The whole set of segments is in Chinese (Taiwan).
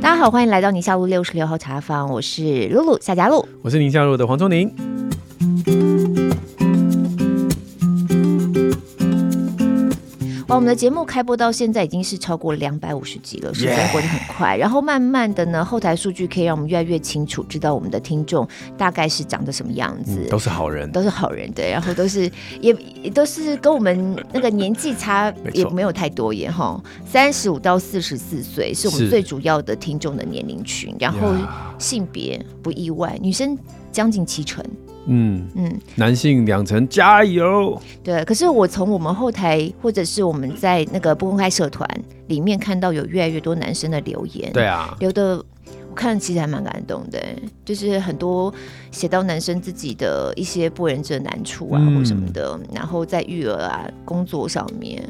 大家好，歡迎來到寧夏璐六十六號茶坊，我是璐璐夏嘉璐，我是寧夏璐的黃宗寧。哦，我們的節目開播到現在已經是超過兩百五十集了，時間過得很快。Yeah. 然後慢慢的呢，後台數據可以讓我們越來越清楚，知道我們的聽眾大概是長得什麼樣子，嗯，都是好人，都是好人。對，然後都是 也也都是跟我們那個年紀差也沒有太多耶，齁，三十五到四十四歲是我們最主要的聽眾的年齡群。是然後性別不意外，女生將近七成。嗯嗯，嗯，男性兩層加油。對，可是我從我們後台，或者是我們在那個不公開社團裡面看到，有越來越多男生的留言。對啊，留的我看的其實還蠻感動的。就是很多寫到男生自己的一些不為人知的難處啊，嗯、或什麼的，然後在育兒啊、工作上面。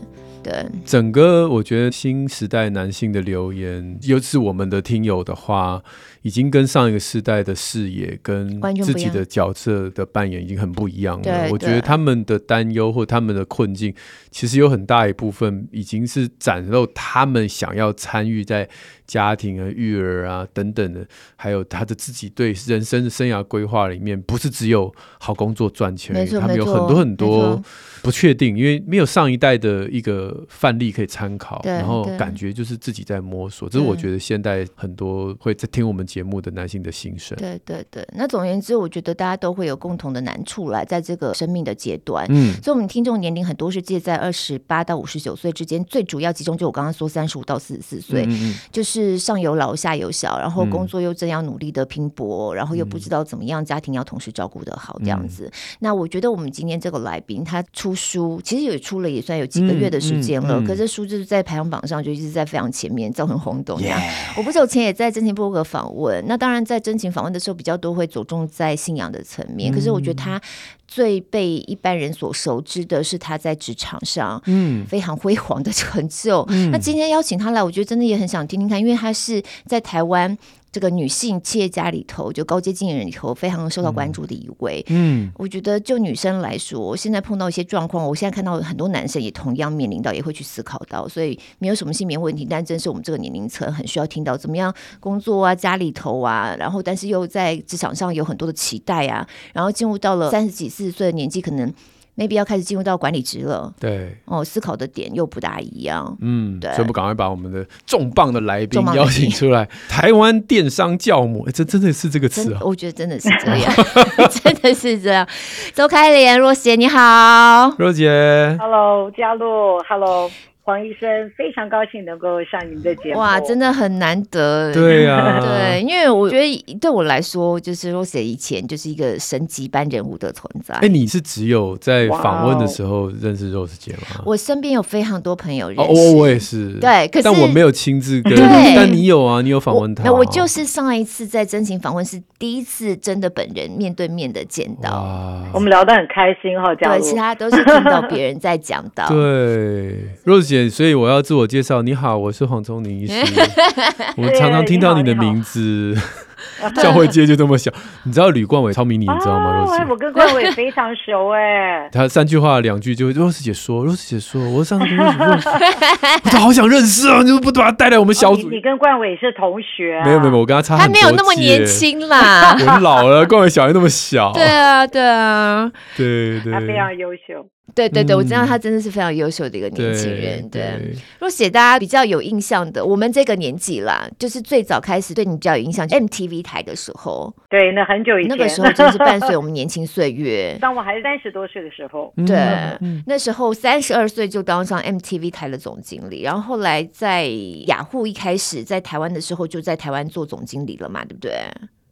對，整個我覺得新時代男性的留言，尤其是我們的聽友的話。已經跟上一個世代的視野跟自己的角色的扮演已經很不一樣了。對，我覺得他們的擔憂或他們的困境，其實有很大一部分已經是展露他們想要參與在家庭啊、育兒啊等等的，還有他的自己對人生生涯規劃裡面，不是只有好工作賺錢而已，沒錯，他們有很多很多。不確定，因為沒有上一代的一個範例可以參考，然後感覺就是自己在摸索。對這是我覺得現代很多會在聽我們節目的男性的心聲。對對對，那總而言之，我覺得大家都會有共同的難處來在這個生命的階段。嗯，所以我們聽眾年齡很多是介在二十八到五十九歲之間，最主要集中就我剛剛說三十五到四十四歲，嗯、就是上有老下有小，然後工作又這樣努力的拼搏，然後又不知道怎麼樣家庭要同時照顧得好，嗯、這樣子。嗯、那我覺得我們今天這個來賓他出書其實也出了，也算有幾個月的時間了。嗯嗯嗯、可是書就是在排行榜上就一直在非常前面，造成轟動。Yeah. 我不久前也在真情部落格訪問。那當然在真情訪問的時候，比較多會着重在信仰的層面。嗯、可是我覺得他最被一般人所熟知的是他在職場上嗯非常輝煌的成就。嗯、那今天邀請他來，我覺得真的也很想聽聽他，因為他是在台灣。這個女性企業家裡頭，就高階經理人裡頭，非常受到關注的一位、嗯。嗯，我覺得就女生來說，我現在碰到一些狀況，我現在看到很多男生也同樣面臨到，也會去思考到，所以沒有什麼性別問題，但正是我們這個年齡層很需要聽到，怎麼樣工作啊，家裡頭啊，然後但是又在職場上有很多的期待啊，然後進入到了三十幾、四十歲的年紀，可能。沒必要開始進入到管理職了，對，哦，思考的點又不大一樣，嗯，對，所以我趕快把我們的重磅的來賓邀請出來，台灣電商教母，哎、欸，這真的是這個詞啊，我覺得真的是這樣， 真的是這樣，鄒開蓮若賢你好，若賢姐，Hello，嘉璐，Hello。黃醫生非常高興能夠上你們的節目，哇，真的很難得，對呀、啊，對，因為我覺得對我來說，就是 Rose 以前就是一個神級般人物的存在。哎、欸，你是只有在訪問的時候認識 Rose 姐嗎？Wow 我身邊有非常多朋友認識，oh, 我也是，對，可是但我沒有親自跟，對 但你有啊，你有訪問她、啊。那我,我就是上一次在真情訪問是第一次真的本人面對面的見到，Wow 我們聊得很開心哈、哦，這樣。對，其他都是聽到別人在講的， 對，Rose 姐。所以我要自我介紹，你好，我是黃宗寧醫師。 我常常聽到你的名字， 教會界就這麼小。你知道呂冠偉超迷你，你知道嗎？哦、姐我跟冠偉非常熟哎、欸。他三句話兩句就若詩姐說，若詩姐說，我上次，我都好想認識啊，你怎麼不把他帶來我們小組？哦、你，你跟冠偉是同學、啊，沒有沒有，我跟他差他沒有那麼年輕啦，我老了，冠偉小孩那麼小。 對啊，對啊，對對，對他非常優秀。對對對，我知道他真的是非常優秀的一個年輕人。嗯、對，對，對，如果寫大家比較有印象的，我們這個年紀啦，就是最早開始對你比較有印象，就是、，MTV 台的時候。對，那很久以前，那個時候真的是伴隨我們年輕歲月。 當我還是三十多歲的時候，對，嗯嗯，那時候三十二歲就當上 MTV 台的總經理，然後後來在雅虎一開始在台灣的時候，就在台灣做總經理了嘛，對不對？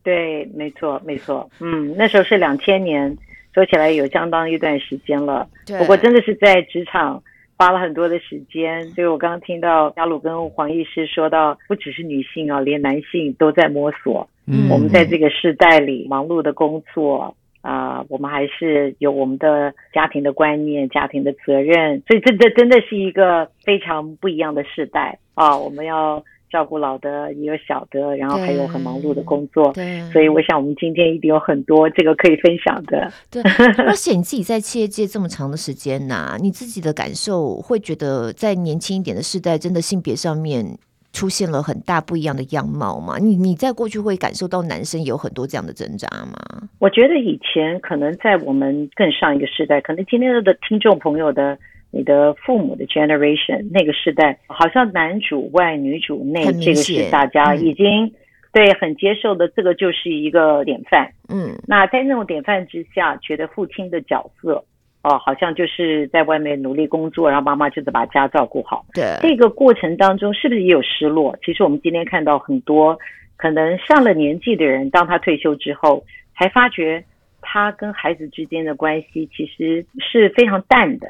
對，沒錯，沒錯。嗯，那時候是兩千年。說起來有相當一段時間了，對不過真的是在職場花了很多的時間。所以我剛剛聽到嘉魯跟黃醫師說到，不只是女性啊，連男性都在摸索。嗯，我們在這個世代裡忙碌的工作啊、呃，我們還是有我們的家庭的觀念、家庭的責任，所以這這真的是一個非常不一樣的世代啊！我們要。照顧老的，也有小的，然後還有很忙碌的工作。對啊對啊、所以我想我們今天一定有很多這個可以分享的。 對，而且你自己在企業界這麼長的時間呢、啊，你自己的感受會覺得在年輕一點的世代，真的性別上面出現了很大不一樣的樣貌嗎？你你在過去會感受到男生有很多這樣的掙扎嗎？我覺得以前可能在我們更上一個世代，可能今天的聽眾朋友的。你的父母的 generation 那個時代，好像男主外女主內，這個是大家已經、嗯、對很接受的，這個就是一個典範。嗯，那在那種典範之下，覺得父親的角色，哦，好像就是在外面努力工作，然後媽媽就得把家照顧好。對，這個過程當中是不是也有失落？其實我們今天看到很多，可能上了年紀的人，當他退休之後，才發覺他跟孩子之間的關係其實是非常淡的。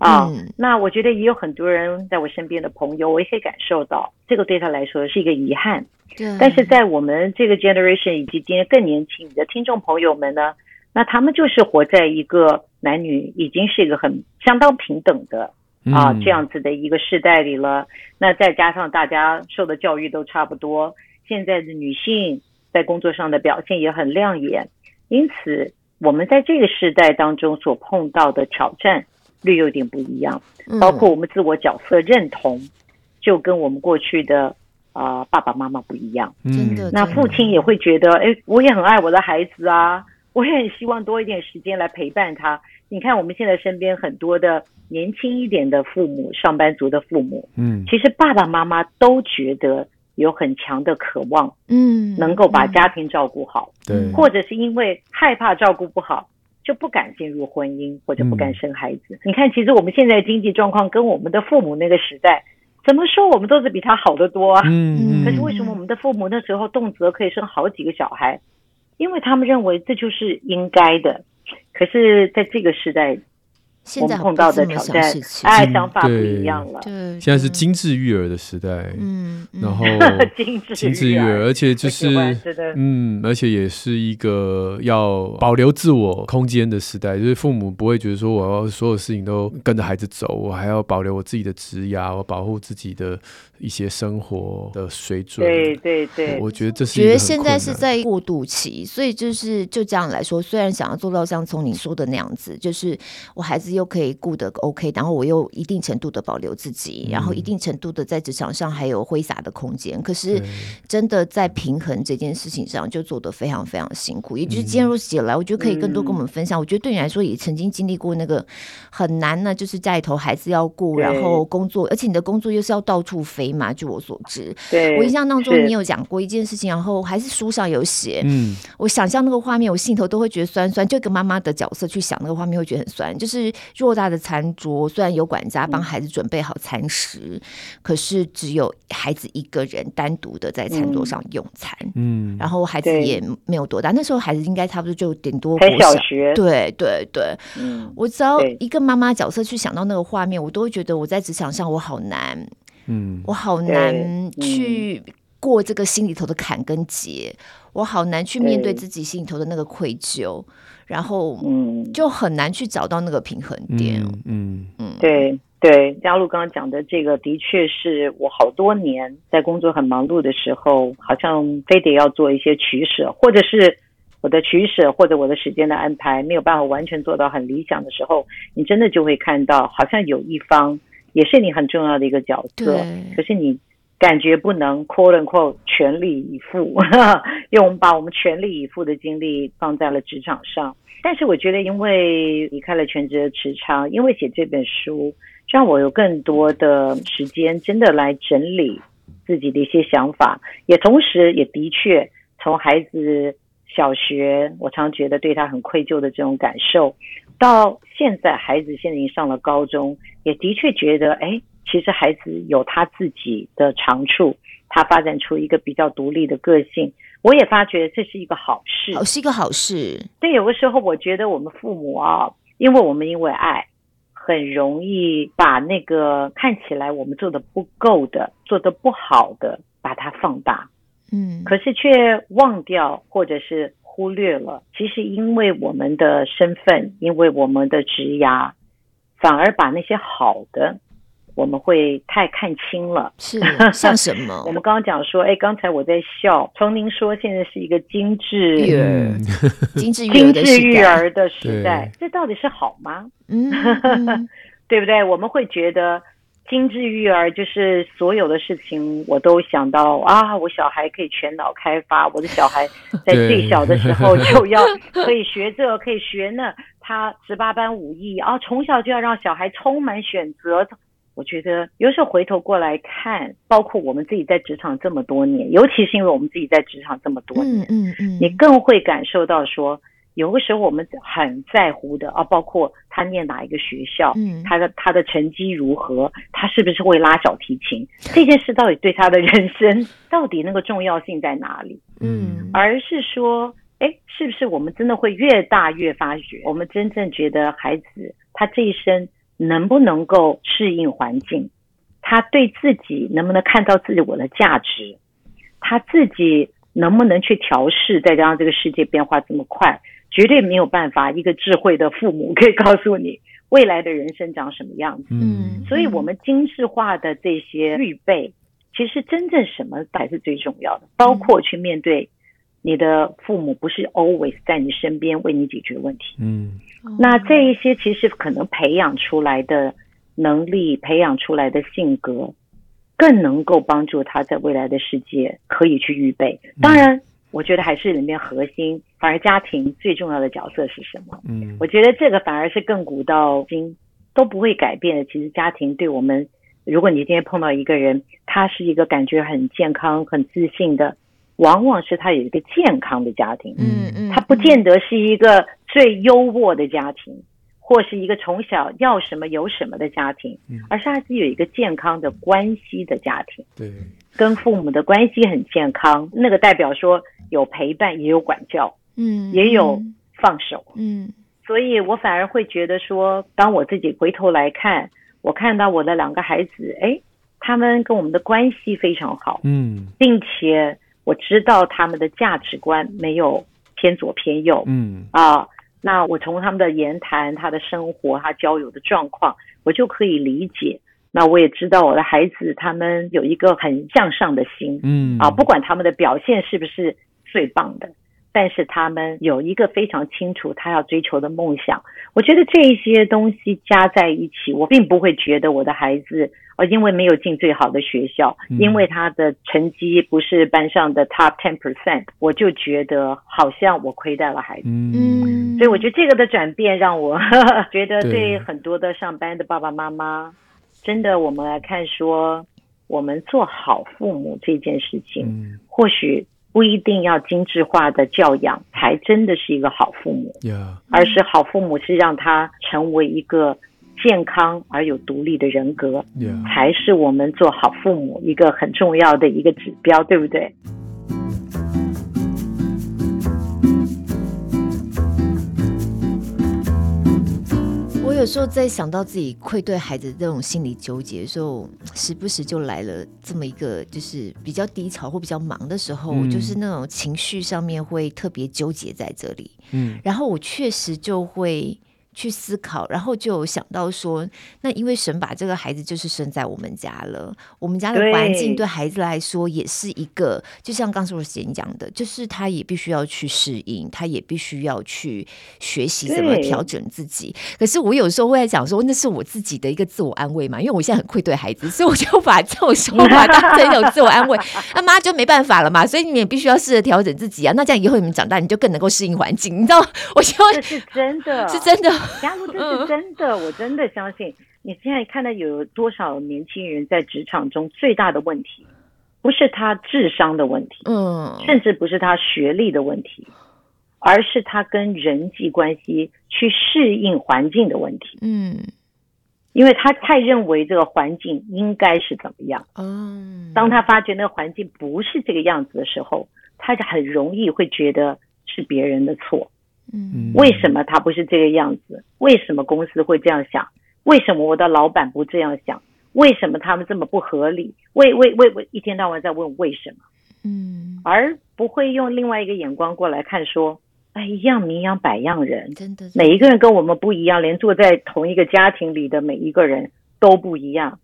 啊，嗯、那我覺得也有很多人在我身邊的朋友，我也可以感受到，這個對他來說是一個遺憾。對但是在我們這個 generation 以及今天更年輕的聽眾朋友們呢，那他們就是活在一個男女已經是一個很相當平等的啊、嗯、這樣子的一個世代裡了。那再加上大家受的教育都差不多，現在的女性在工作上的表現也很亮眼，因此我們在這個時代當中所碰到的挑戰略有點不一樣，包括我們自我角色認同，嗯、就跟我們過去的啊、呃、爸爸媽媽不一樣。嗯，那父親也會覺得，誒我也很愛我的孩子啊，我也很希望多一點時間來陪伴他。你看我們現在身邊很多的年輕一點的父母，上班族的父母，嗯，其實爸爸媽媽都覺得有很強的渴望，嗯，能夠把家庭照顧好，嗯嗯、對，或者是因為害怕照顧不好。就不敢進入婚姻，或者不敢生孩子。嗯，你看，其實我們現在經濟狀況跟我們的父母那個時代，怎麼說，我們都是比他好得多啊。嗯，可是為什麼我們的父母那時候動輒可以生好幾個小孩？因為他們認為這就是應該的。可是在這個時代。現在碰到的挑戰，哎，想法不一樣了。對，對，現在是精緻育兒的時代。嗯，然後精緻育兒，育兒，而且就是的，嗯，而且也是一個要保留自我空間的時代。就是父母不會覺得說我要所有事情都跟着孩子走，我還要保留我自己的職涯，我保護自己的一些生活的水準。對對對，對，我覺得這是一個覺得現在是在過渡期，所以就是就這樣來說，雖然想要做到像從你說的那樣子，就是我孩子。又可以顧得 OK，然後我又一定程度的保留自己，嗯、然後一定程度的在職場上還有揮灑的空間。可是真的在平衡這件事情上就做得非常非常辛苦。嗯、也就是今天如果起來，我覺得可以更多跟我們分享。嗯、我覺得對你來說也曾經經歷過那個很難呢，就是家裡頭孩子要顧，對然後工作，而且你的工作又是要到處飛嘛。據我所知，對我印象當中你有講過一件事情，是然後還是書上有寫。嗯，我想象那個畫面，我心頭都會覺得酸酸，就一個媽媽的角色去想那個畫面，會覺得很酸，就是偌大的餐桌，雖然有管家幫孩子準備好餐食，嗯、可是，只有孩子一個人單獨的在餐桌上用餐。嗯，然後孩子也沒有多大，對那時候孩子應該差不多就頂多小，小學。對對對，嗯、我只要一個媽媽角色去想到那個畫面，我都會覺得我在職場上我好難，嗯，我好難去過這個心裡頭的坎跟結，對我好難去面對自己心裡頭的那個愧疚。然後，嗯，就很難去找到那個平衡點哦。嗯，嗯嗯，對對，嘉璐剛剛講的這個，的確是我好多年在工作很忙碌的時候，好像非得要做一些取捨，或者是我的取捨，或者我的時間的安排沒有辦法完全做到很理想的時候，你真的就會看到，好像有一方也是你很重要的一個角色，可對是你。感覺不能 quote and quote 全力以赴，哈哈，因為我們把我們全力以赴的精力放在了職場上。但是我覺得，因為離開了全職的職場，因為寫這本書，讓我有更多的時間真的來整理自己的一些想法，也同時，也的確從孩子小學，我常覺得對他很愧疚的這種感受，到現在孩子現在已經上了高中，也的確覺得，哎。其實孩子有他自己的長處，他發展出一個比較獨立的個性，我也發覺這是一個好事，好，是一個好事。但有的時候，我覺得我們父母啊，因為我們因為愛，很容易把那個看起來我們做的不夠的、做的不好的，把它放大，嗯，可是卻忘掉或者是忽略了，其實因為我們的身份，因為我們的職涯，反而把那些好的。我們會太看清了，是，是像什麼？ 我們剛剛講說，哎，剛才我在笑。從您說現在是一個精致精致育兒的時代，時代對這到底是好嗎？嗯嗯、 對不對？我們會覺得精致育兒就是所有的事情，我都想到啊，我小孩可以全腦開發，我的小孩在最小的時候就要可以學這，對可以學那，他十八般武藝啊，從小就要讓小孩充滿選擇。我覺得有時候回頭過來看，包括我們自己在職場這麼多年，尤其是因為我們自己在職場這麼多年，嗯嗯，嗯，你更會感受到說，有的時候我們很在乎的啊，包括他念哪一個學校，嗯，他的他的成績如何，他是不是會拉小提琴，這件事到底對他的人生，到底那個重要性在哪裡？嗯，而是說，哎，是不是我們真的會越大越發覺，我們真正覺得孩子他這一生，能不能夠適應環境？他對自己能不能看到自己我的價值？他自己能不能去調適？再加上這個世界變化這麼快，絕對沒有辦法，一個智慧的父母可以告訴你未來的人生長什麼樣子。嗯，所以我們精緻化的這些預備，其實真正什麼才是最重要的？包括去面對你的父母不是 always 在你身邊為你解決問題。嗯。那這一些其實可能培養出來的能力，培養出來的性格，更能夠幫助他在未來的世界可以去預備。嗯、當然，我覺得還是裡面核心，反而家庭最重要的角色是什麼？嗯，我覺得這個反而是亙古到今都不會改變的。其實家庭對我們，如果你今天碰到一個人，他是一個感覺很健康、很自信的，往往是他有一個健康的家庭。嗯嗯，他不見得是一個。最優渥的家庭，或是一個從小要什麼有什麼的家庭，嗯、而是孩子有一個健康的關係的家庭，嗯、對，跟父母的關係很健康，那個代表說有陪伴，也有管教，嗯，也有放手，嗯，嗯，所以我反而會覺得說，當我自己回頭來看，我看到我的兩個孩子，哎、他們跟我們的關係非常好，嗯，並且我知道他們的價值觀沒有偏左偏右，嗯啊。呃那我從他們的言談、他的生活、他交友的狀況，我就可以理解。那我也知道我的孩子他們有一個很向上的心，嗯啊，不管他們的表現是不是最棒的，但是他們有一個非常清楚他要追求的夢想。我覺得這些東西加在一起，我並不會覺得我的孩子。因為沒有進最好的學校，嗯、因為他的成績不是班上的 top ten percent，我就覺得好像我虧待了孩子。嗯，所以我覺得這個的轉變讓我呵呵覺得對很多的上班的爸爸媽媽，對真的，我們來看說，我們做好父母這件事情，嗯、或許不一定要精致化的教養才真的是一個好父母，Yeah. 而是好父母是讓他成為一個。健康而有獨立的人格，Yeah. 才是我們做好父母一個很重要的一個指標，對不對？我有時候在想到自己愧對孩子這種心理糾結的時候，時不時就來了這麼一個，就是比較低潮或比較忙的時候，嗯、我就是那種情緒上面會特別糾結在這裡。嗯、然後我確實就會。去思考，然後就想到說，那因為神把這個孩子就是生在我們家了，我們家的環境對孩子來說也是一個，對就像剛才我先講的，就是他也必須要去適應，他也必須要去學習怎麼調整自己。對可是我有時候會在想說，那是我自己的一個自我安慰嘛，因為我現在很愧對孩子，所以我就把這種想法當成一種自我安慰。那、 啊、媽就沒辦法了嘛，所以你們也必須要試着調整自己啊，那這樣以後你們長大你就更能夠適應環境，你知道？我希望是真的，是真的。假如這是真的，我真的相信。你現在看到有多少年輕人在職場中最大的問題，不是他智商的問題，嗯，甚至不是他學歷的問題，而是他跟人際關係去適應環境的問題，嗯，因為他太認為這個環境應該是怎麼樣，嗯，當他發覺那個環境不是這個樣子的時候，他就很容易會覺得是別人的錯。嗯，為什麼他不是這個樣子？為什麼公司會這樣想？為什麼我的老闆不這樣想？為什麼他們這麼不合理？為為為為，一天到晚在問為什麼，嗯，而不會用另外一個眼光過來看，說，哎，一樣米養百樣人，真的，每一個人跟我們不一樣，連坐在同一個家庭裡的每一個人都不一樣，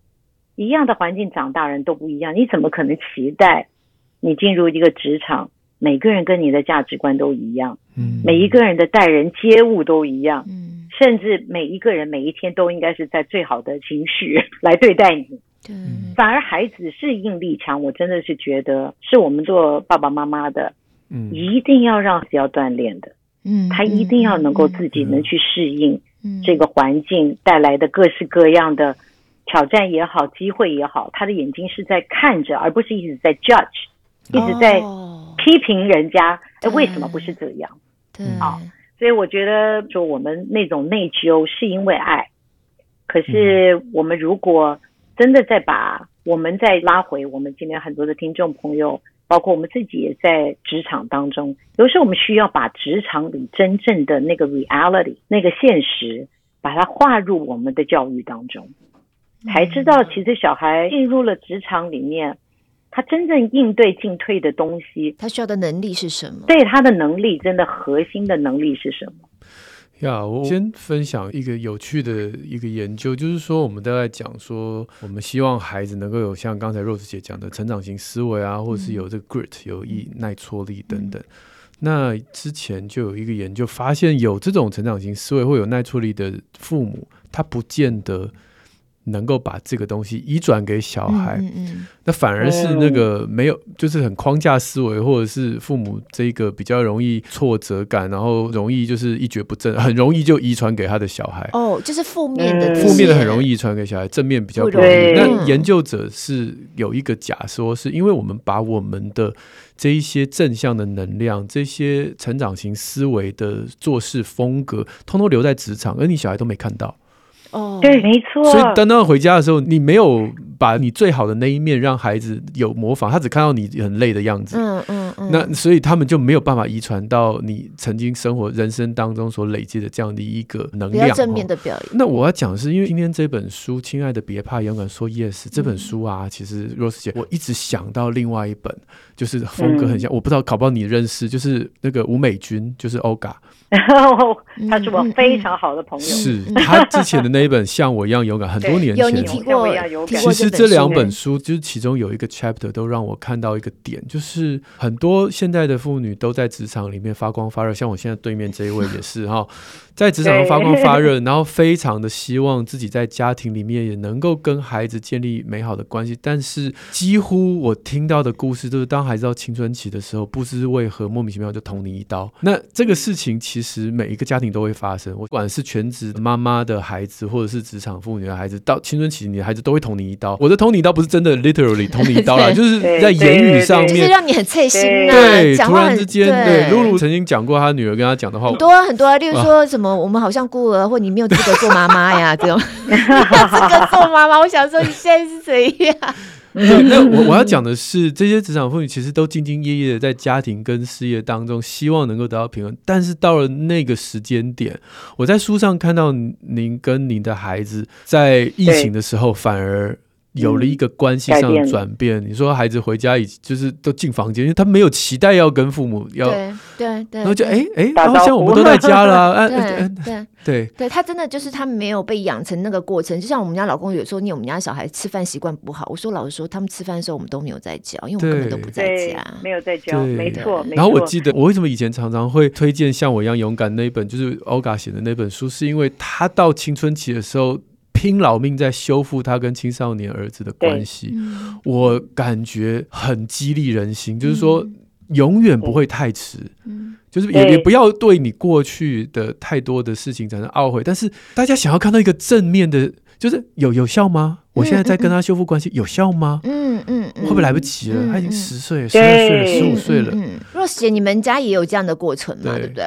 一樣的環境長大人都不一樣，你怎麼可能期待你進入一個職場？每個人跟你的價值觀都一樣，嗯，每一個人的待人接物都一樣，嗯，甚至每一個人每一天都應該是在最好的情緒來對待你，對、嗯。反而孩子適應力強，我真的是覺得是我們做爸爸媽媽的，嗯，一定要讓要鍛鍊的，嗯，他一定要能夠自己能去適應，嗯，這個環境帶來的各式各樣的挑戰也好，機會也好，他的眼睛是在看着，而不是一直在 judge，哦、一直在。批評人家，哎對，為什麼不是這樣？嗯對，啊，所以我覺得說我們那種內疚是因為愛。可是我們如果真的再把我們再拉回，我們今天很多的聽眾朋友，包括我們自己也在職場當中，有時候我們需要把職場裡真正的那個 reality，那個現實，把它劃入我們的教育當中，才知道其實小孩進入了職場裡面。他真正應對進退的東西，他需要的能力是什麼？對他的能力，真的核心的能力是什麼？要、yeah, 我先分享一個有趣的一個研究，就是說我們都在講說，我們希望孩子能夠有像剛才 Rose 姐講的成長型思維啊，或者是有這個 Grit，、mm hmm. 有毅力、耐挫力等等。Mm hmm. 那之前就有一個研究發現，有這種成長型思維，或有耐挫力的父母，他不見得。能夠把這個東西遺傳給小孩，嗯嗯、那反而是那個沒有，就是很框架思維，哦、或者是父母這個比較容易挫折感，然後容易就是一蹶不振，很容易就遺傳給他的小孩。哦，就是負面的，嗯、負面的很容易遺傳給小孩，是正面比較不容易。那對研究者是有一個假說，是因為我們把我們的這一些正向的能量、這些成長型思維的做事風格，通通留在職場，而你小孩都沒看到。哦，對，沒錯。所以，當當回家的時候，你沒有。把你最好的那一面讓孩子有模仿，他只看到你很累的樣子。嗯嗯嗯。嗯嗯，那所以他們就沒有辦法遺傳到你曾經生活人生當中所累積的這樣的一個能量。正面的表演。那我要講的是，因為今天這本書《親愛的，別怕，勇敢說 yes》，嗯這本書啊，其實 Rose 姐，我一直想到另外一本，就是風格很像，嗯，我不知道搞不好你認識，就是那個吳美君，就是歐嘎。哦，嗯，他是我非常好的朋友。是他之前的那一本像我一樣勇敢。嗯，很多年前有過。欸。其實。這兩本書就是其中有一個 chapter 都讓我看到一個點，就是很多現在的婦女都在職場裡面發光發熱，像我現在對面這一位也是哈， 在職場上發光發熱，然後非常的希望自己在家庭裡面也能夠跟孩子建立美好的關係，但是幾乎我聽到的故事就是，當孩子到青春期的時候，不知為何莫名其妙就捅你一刀。那這個事情其實每一個家庭都會發生，我不管是全職的媽媽的孩子，或者是職場婦女的孩子，到青春期，你的孩子都會捅你一刀。我的捅你刀不是真的，literally 捅你刀啦，就是在言語上面，就是讓你很脆心。對，突然之間，對，露露曾經講過，她女兒跟她講的話很多很多，例如說什麼“我們好像孤兒”或“你沒有資格做媽媽呀”這種。沒有資格做媽媽？我想說你現在是誰呀？那我我要講的是，這些職場婦女其實都兢兢業業的在家庭跟事業當中，希望能夠得到平衡，但是到了那個時間點，我在書上看到您跟您的孩子在疫情的時候反而。有了一個關係上的轉變，你說孩子回家就是都進房間，因為他沒有期待要跟父母要，對對，然後就哎哎，然後現在我們都在家了，對對對對，他真的就是他沒有被養成那個過程，就像我們家老公有時候念我們家小孩吃飯習慣不好，我說老實說，他們吃飯的時候我們都沒有在家，因為我們根本都不在家，沒有在家，沒錯，然後我記得我為什麼以前常常會推薦像我一樣勇敢那一本，就是 Oga 寫的那本書，是因為他到青春期的時候。拼老命在修復他跟青少年兒子的關係，我感覺很激勵人心。就是說，永遠不會太遲，就是也也不要對你過去的太多的事情產生懊悔，但是，大家想要看到一個正面的，就是有有效嗎？我現在在跟他修復關係有效嗎？嗯嗯，會不會來不及了？他已經十歲、十二歲、十五歲了。若曦，你們家也有這樣的過程嗎？對不對？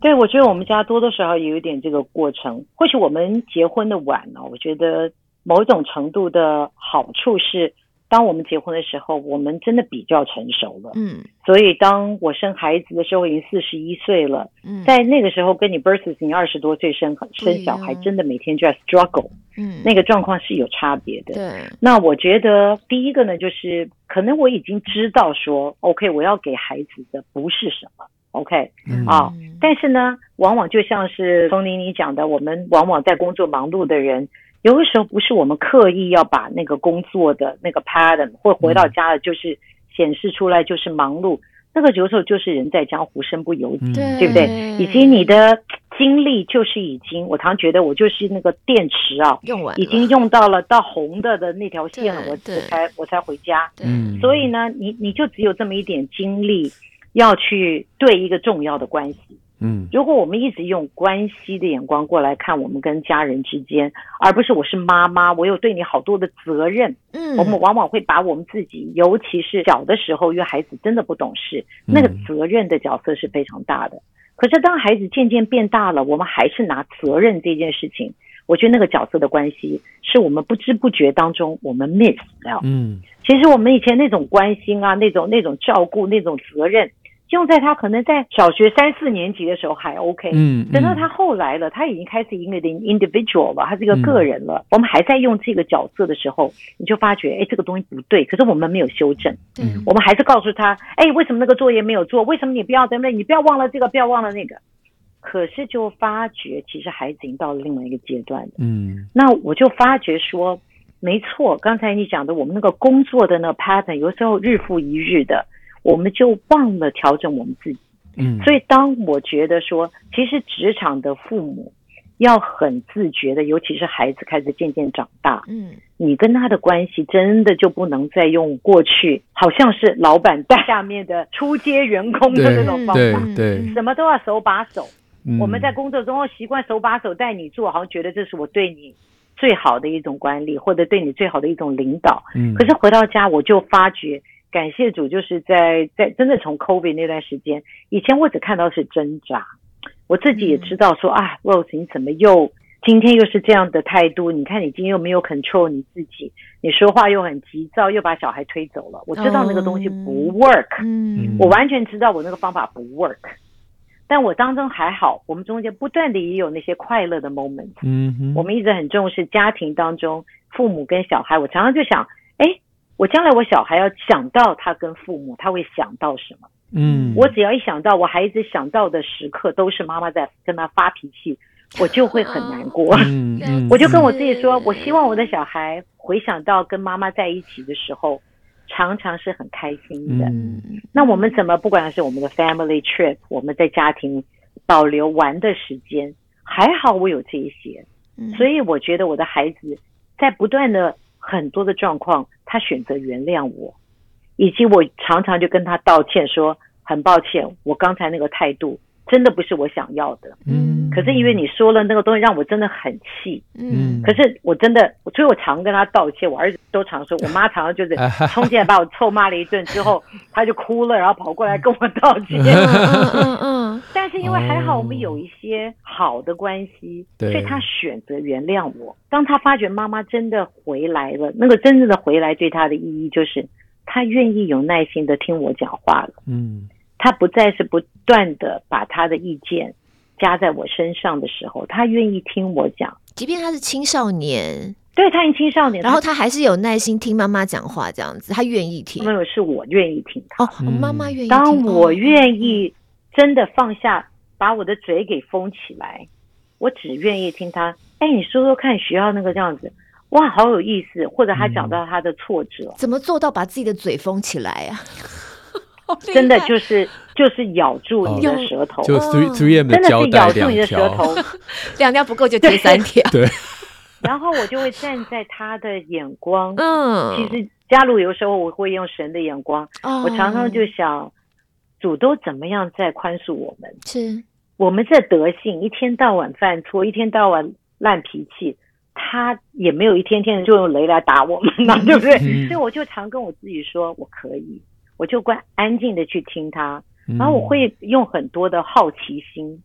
對，我覺得我們家多多少少有一點這個過程。或許我們結婚的晚呢、哦，我覺得某種程度的好處是，當我們結婚的時候，我們真的比較成熟了。嗯，所以當我生孩子的時候，已經四十一歲了。嗯，在那個時候跟你 births 你二十多歲生、啊、生小孩，真的每天就要 struggle。嗯，那個狀況是有差別的。對，那我覺得第一個呢，就是可能我已經知道說，OK，我要給孩子的不是什麼。OK，啊、哦，嗯、但是呢，往往就像是鍾玲你講的，我們往往在工作忙碌的人，有的時候不是我們刻意要把那個工作的那個 pattern，或回到家了就是顯示出來就是忙碌，嗯、那個有時候就是人在江湖身不由己，嗯、對不對？對，以及你的精力就是已經，我常覺得我就是那個電池啊、哦，用完，已經用到了到紅的的那條線了，我對我才，對我，才我才回家，對嗯、所以呢，你你就只有這麼一點精力。要去對一個重要的關係。嗯，如果我們一直用關係的眼光過來看我們跟家人之間，而不是我是媽媽，我有對你好多的責任，嗯，我們往往會把我們自己，尤其是小的時候，因為孩子真的不懂事，那個責任的角色是非常大的。可是當孩子漸漸變大了，我們還是拿責任這件事情。我覺得那個角色的關係是我們不知不覺當中我們 miss 了。嗯，其實我們以前那種關心啊，那種那種照顧，那種責任，就在他可能在小學三四年級的時候還 OK 嗯。嗯，等到他後來了，他已經開始有點 individual 了，他是一個個人了。嗯，我們還在用這個角色的時候，你就發覺，哎，這個東西不對。可是我們沒有修正。嗯，我們還是告訴他，哎，為什麼那個作業沒有做？為什麼你不要？對不對？你不要忘了這個，不要忘了那個。可是就發覺，其實孩子已經到了另外一個階段了。嗯，那我就發覺說，沒錯，剛才你講的我們那個工作的那個 pattern，有時候日復一日的，我們就忘了調整我們自己。嗯，所以當我覺得說，其實職場的父母要很自覺的，尤其是孩子開始漸漸長大，嗯，你跟他的關係真的就不能再用過去好像是老闆帶下面的初階員工的那種方法，對對，什麼都要手把手。我們在工作中習慣手把手帶你做，好像覺得這是我對你最好的一種管理，或者對你最好的一種領導。嗯、可是回到家，我就發覺，感謝主，就是在在真的從 COVID 那段時間，以前我只看到是掙扎，我自己也知道說啊，Rose、嗯哎、你怎麼又今天又是這樣的態度？你看你今天又沒有 control 你自己，你說話又很急躁，又把小孩推走了。我知道那個東西不 work，、嗯、我完全知道我那個方法不 work。嗯但我當中還好，我們中間不斷的也有那些快樂的 moment。嗯哼，我們一直很重視家庭當中父母跟小孩。我常常就想，哎，我將來我小孩要想到他跟父母，他會想到什麼？嗯，我只要一想到我孩子想到的時刻都是媽媽在跟他發脾氣，我就會很難過。嗯嗯，嗯 我就跟我自己說，我希望我的小孩回想到跟媽媽在一起的時候。常常是很開心的。嗯，那我們怎麼不管？是我們的 family trip，我們在家庭保留玩的時間。還好我有這些，所以我覺得我的孩子在不斷的很多的狀況，他選擇原諒我，以及我常常就跟他道歉說，說很抱歉，我剛才那個態度真的不是我想要的。嗯。可是因為你說了那個東西，讓我真的很氣。嗯，可是我真的，所以我常跟他道歉。我兒子都常說，我媽常常就是衝進來把我臭罵了一頓， 之後他就哭了，然後跑過來跟我道歉。嗯嗯嗯。嗯嗯嗯，但是因為還好，我們有一些好的關係，哦、所以他選擇原諒我。對當他發覺媽媽真的回來了，那個真正的回來對他的意義就是，他願意有耐心的聽我講話了。嗯，他不再是不斷的把他的意見。加在我身上的時候，他願意聽我講，即便他是青少年，對他，已經青少年。然後他還是有耐心聽媽媽講話，這樣子，他願意聽。沒有，是我願意聽他。哦，嗯、媽媽願意聽。當我願意真的放下，嗯、把我的嘴給封起來，我只願意聽他。哎，你說說看，學校那個這樣子，哇，好有意思。或者他講到他的挫折、嗯，怎麼做到把自己的嘴封起來呀、啊？真的就是就是咬住你的舌頭，就 3, 3的，真的是咬住你的舌頭。兩條 不夠就貼三條。對， 然後我就會站在他的眼光。嗯，其實加入有時候我會用神的眼光，嗯、我常常就想，主都怎麼樣在寬恕我們？是我們這德性一天到晚犯錯，一天到晚爛脾氣，他也沒有一天天的就用雷來打我們呢、啊，嗯、 對不對？嗯、所以我就常跟我自己說，我可以。我就會安靜的去聽他，然後我會用很多的好奇心，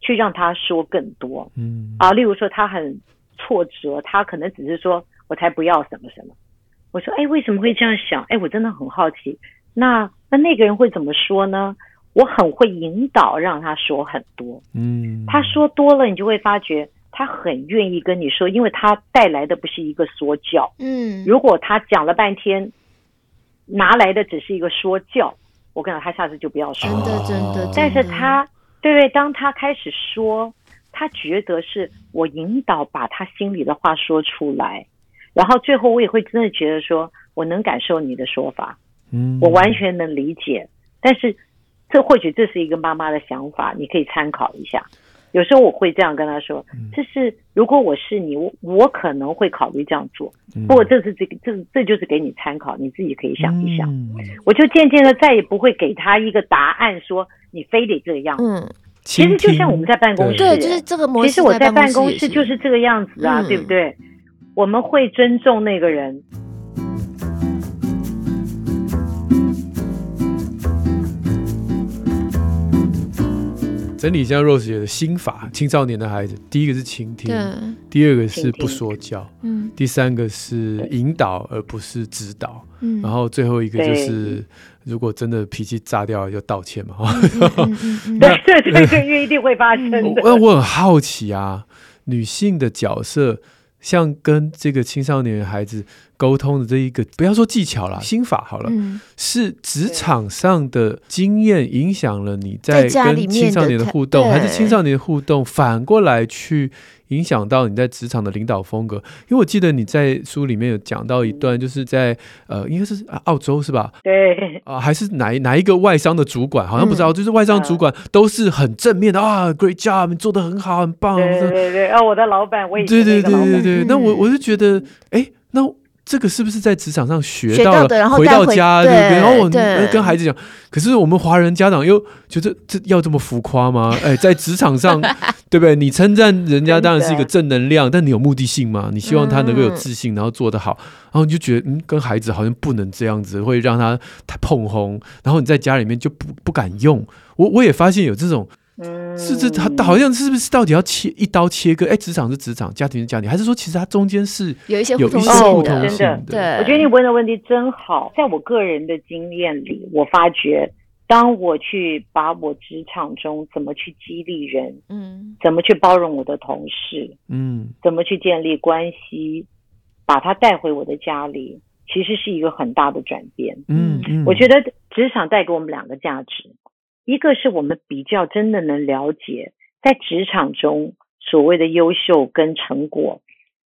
去讓他說更多。嗯啊，例如說他很挫折，他可能只是說“我才不要什麼什麼”，我說：“哎，為什麼會這樣想？哎，我真的很好奇。那那那個人會怎麼說呢？我很會引導，讓他說很多。嗯，他說多了，你就會發覺他很願意跟你說，因為他帶來的不是一個說教。嗯，如果他講了半天。”拿來的只是一個說教，我跟你講，他下次就不要說。真的，真的、哦。但是他，對不對，當他開始說，他覺得是我引導把他心裡的話說出來，然後最後我也會真的覺得說我能感受你的說法，嗯，我完全能理解。嗯、但是，這或許這是一個媽媽的想法，你可以參考一下。有時候我會這樣跟他說，就是如果我是你，我我可能會考慮這樣做。不過這是這個這這就是給你參考，你自己可以想一想。嗯，我就漸漸的再也不會給他一個答案，說你非得這樣。嗯，其實就像我們在辦公室，就是這個模式在辦公室也是，其實我在辦公室就是這個樣子啊，嗯，對不對？我們會尊重那個人。整理一下 Rose 姐的心法，青少年的孩子，第一個是傾聽，第二個是不說教，嗯，第三個是引導而不是指導，然後最後一個就是，如果真的脾氣炸掉了，就道歉嘛，對對，這件事情一定一定會發生的。那我很好奇啊，女性的角色像跟這個青少年的孩子。溝通的這一個，不要說技巧了，心法好了，嗯、是職場上的經驗影響了你在跟青少年的互動，對還是青少年的互動反過來去影響到你在職場的領導風格？因為我記得你在書裡面有講到一段，就是在、嗯、呃，應該是澳洲是吧？對啊、呃，還是哪哪一個外商的主管？好像不知道，嗯、就是外商主管都是很正面的、嗯、啊,啊，Great job，你做得很好，很棒。對對對，啊，我的老板，我以前那個老闆，對，對，對，對，對，那我我就覺得，哎、欸，那。這個是不是在職場上學到了，到回、回到家，對對對然後我、呃、跟孩子講，可是我們華人家長又覺得這要這麼浮誇嗎？哎、在職場上， 對不對？你稱讚人家當然是一個正能量，的但你有目的性嗎？你希望他能夠有自信，嗯、然後做得好，然後你就覺得嗯，跟孩子好像不能這樣子，會讓他太碰紅，然後你在家裡面就不不敢用。我我也發現有這種。嗯，是這他好像是不是到底要切一刀切割？哎、欸，職場是職場，家庭是家庭，還是說其實它中間是有一些互通的，有一些互通的、oh, 真的？對，對我覺得你問的問題真好。在我個人的經驗裡，我發覺，當我去把我職場中怎麼去激勵人，嗯，怎麼去包容我的同事，嗯，怎麼去建立關係，把他帶回我的家裡，其實是一個很大的轉變。嗯嗯，嗯我覺得職場帶給我們兩個價值。一個是我們比較真的能了解，在職場中所謂的優秀跟成果，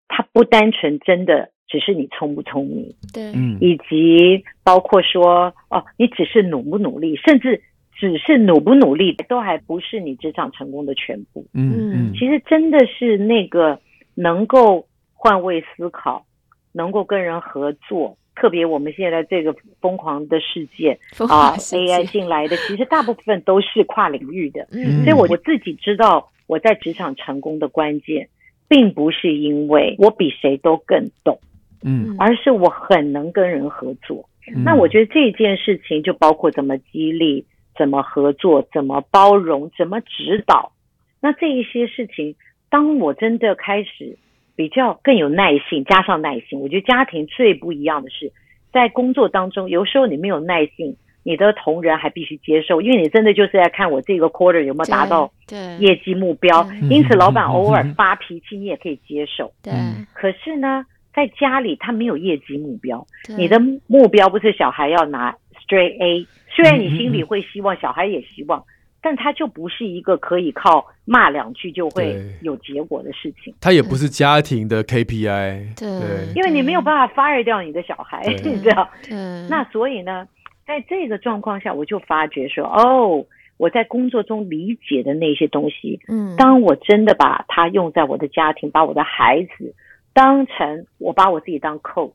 它不單純真的只是你聰不聰明，對，以及包括說哦，你只是努不努力，甚至只是努不努力，都還不是你職場成功的全部。嗯，其實真的是那個能夠換位思考，能夠跟人合作。特別我們現在這個瘋狂的世界啊，AI 進來的其實大部分都是跨領域的，所以我我自己知道我在職場成功的關鍵，並不是因為我比誰都更懂，嗯，而是我很能跟人合作。那我覺得這件事情就包括怎麼激勵、怎麼合作、怎麼包容、怎麼指導，那這一些事情，當我真的開始。比較更有耐性，加上耐心，我覺得家庭最不一樣的是，在工作當中，有時候你沒有耐性，你的同仁還必須接受，因為你真的就是在看我這個 quarter 有沒有達到業績目標，因此老板偶爾發脾氣，你也可以接受。對、嗯。嗯、可是呢，在家裡他沒有業績目標，對你的目標不是小孩要拿 straight A，雖然你心裡會希望，嗯、小孩也希望。但他就不是一個可以靠罵兩句就會有結果的事情，他也不是家庭的 KPI。對，對因為你沒有辦法 fire 掉你的小孩，對你知道，對那所以呢，在這個狀況下，我就發覺說，哦，我在工作中理解的那些東西，嗯，當我真的把它用在我的家庭，把我的孩子當成我，把我自己當 coach。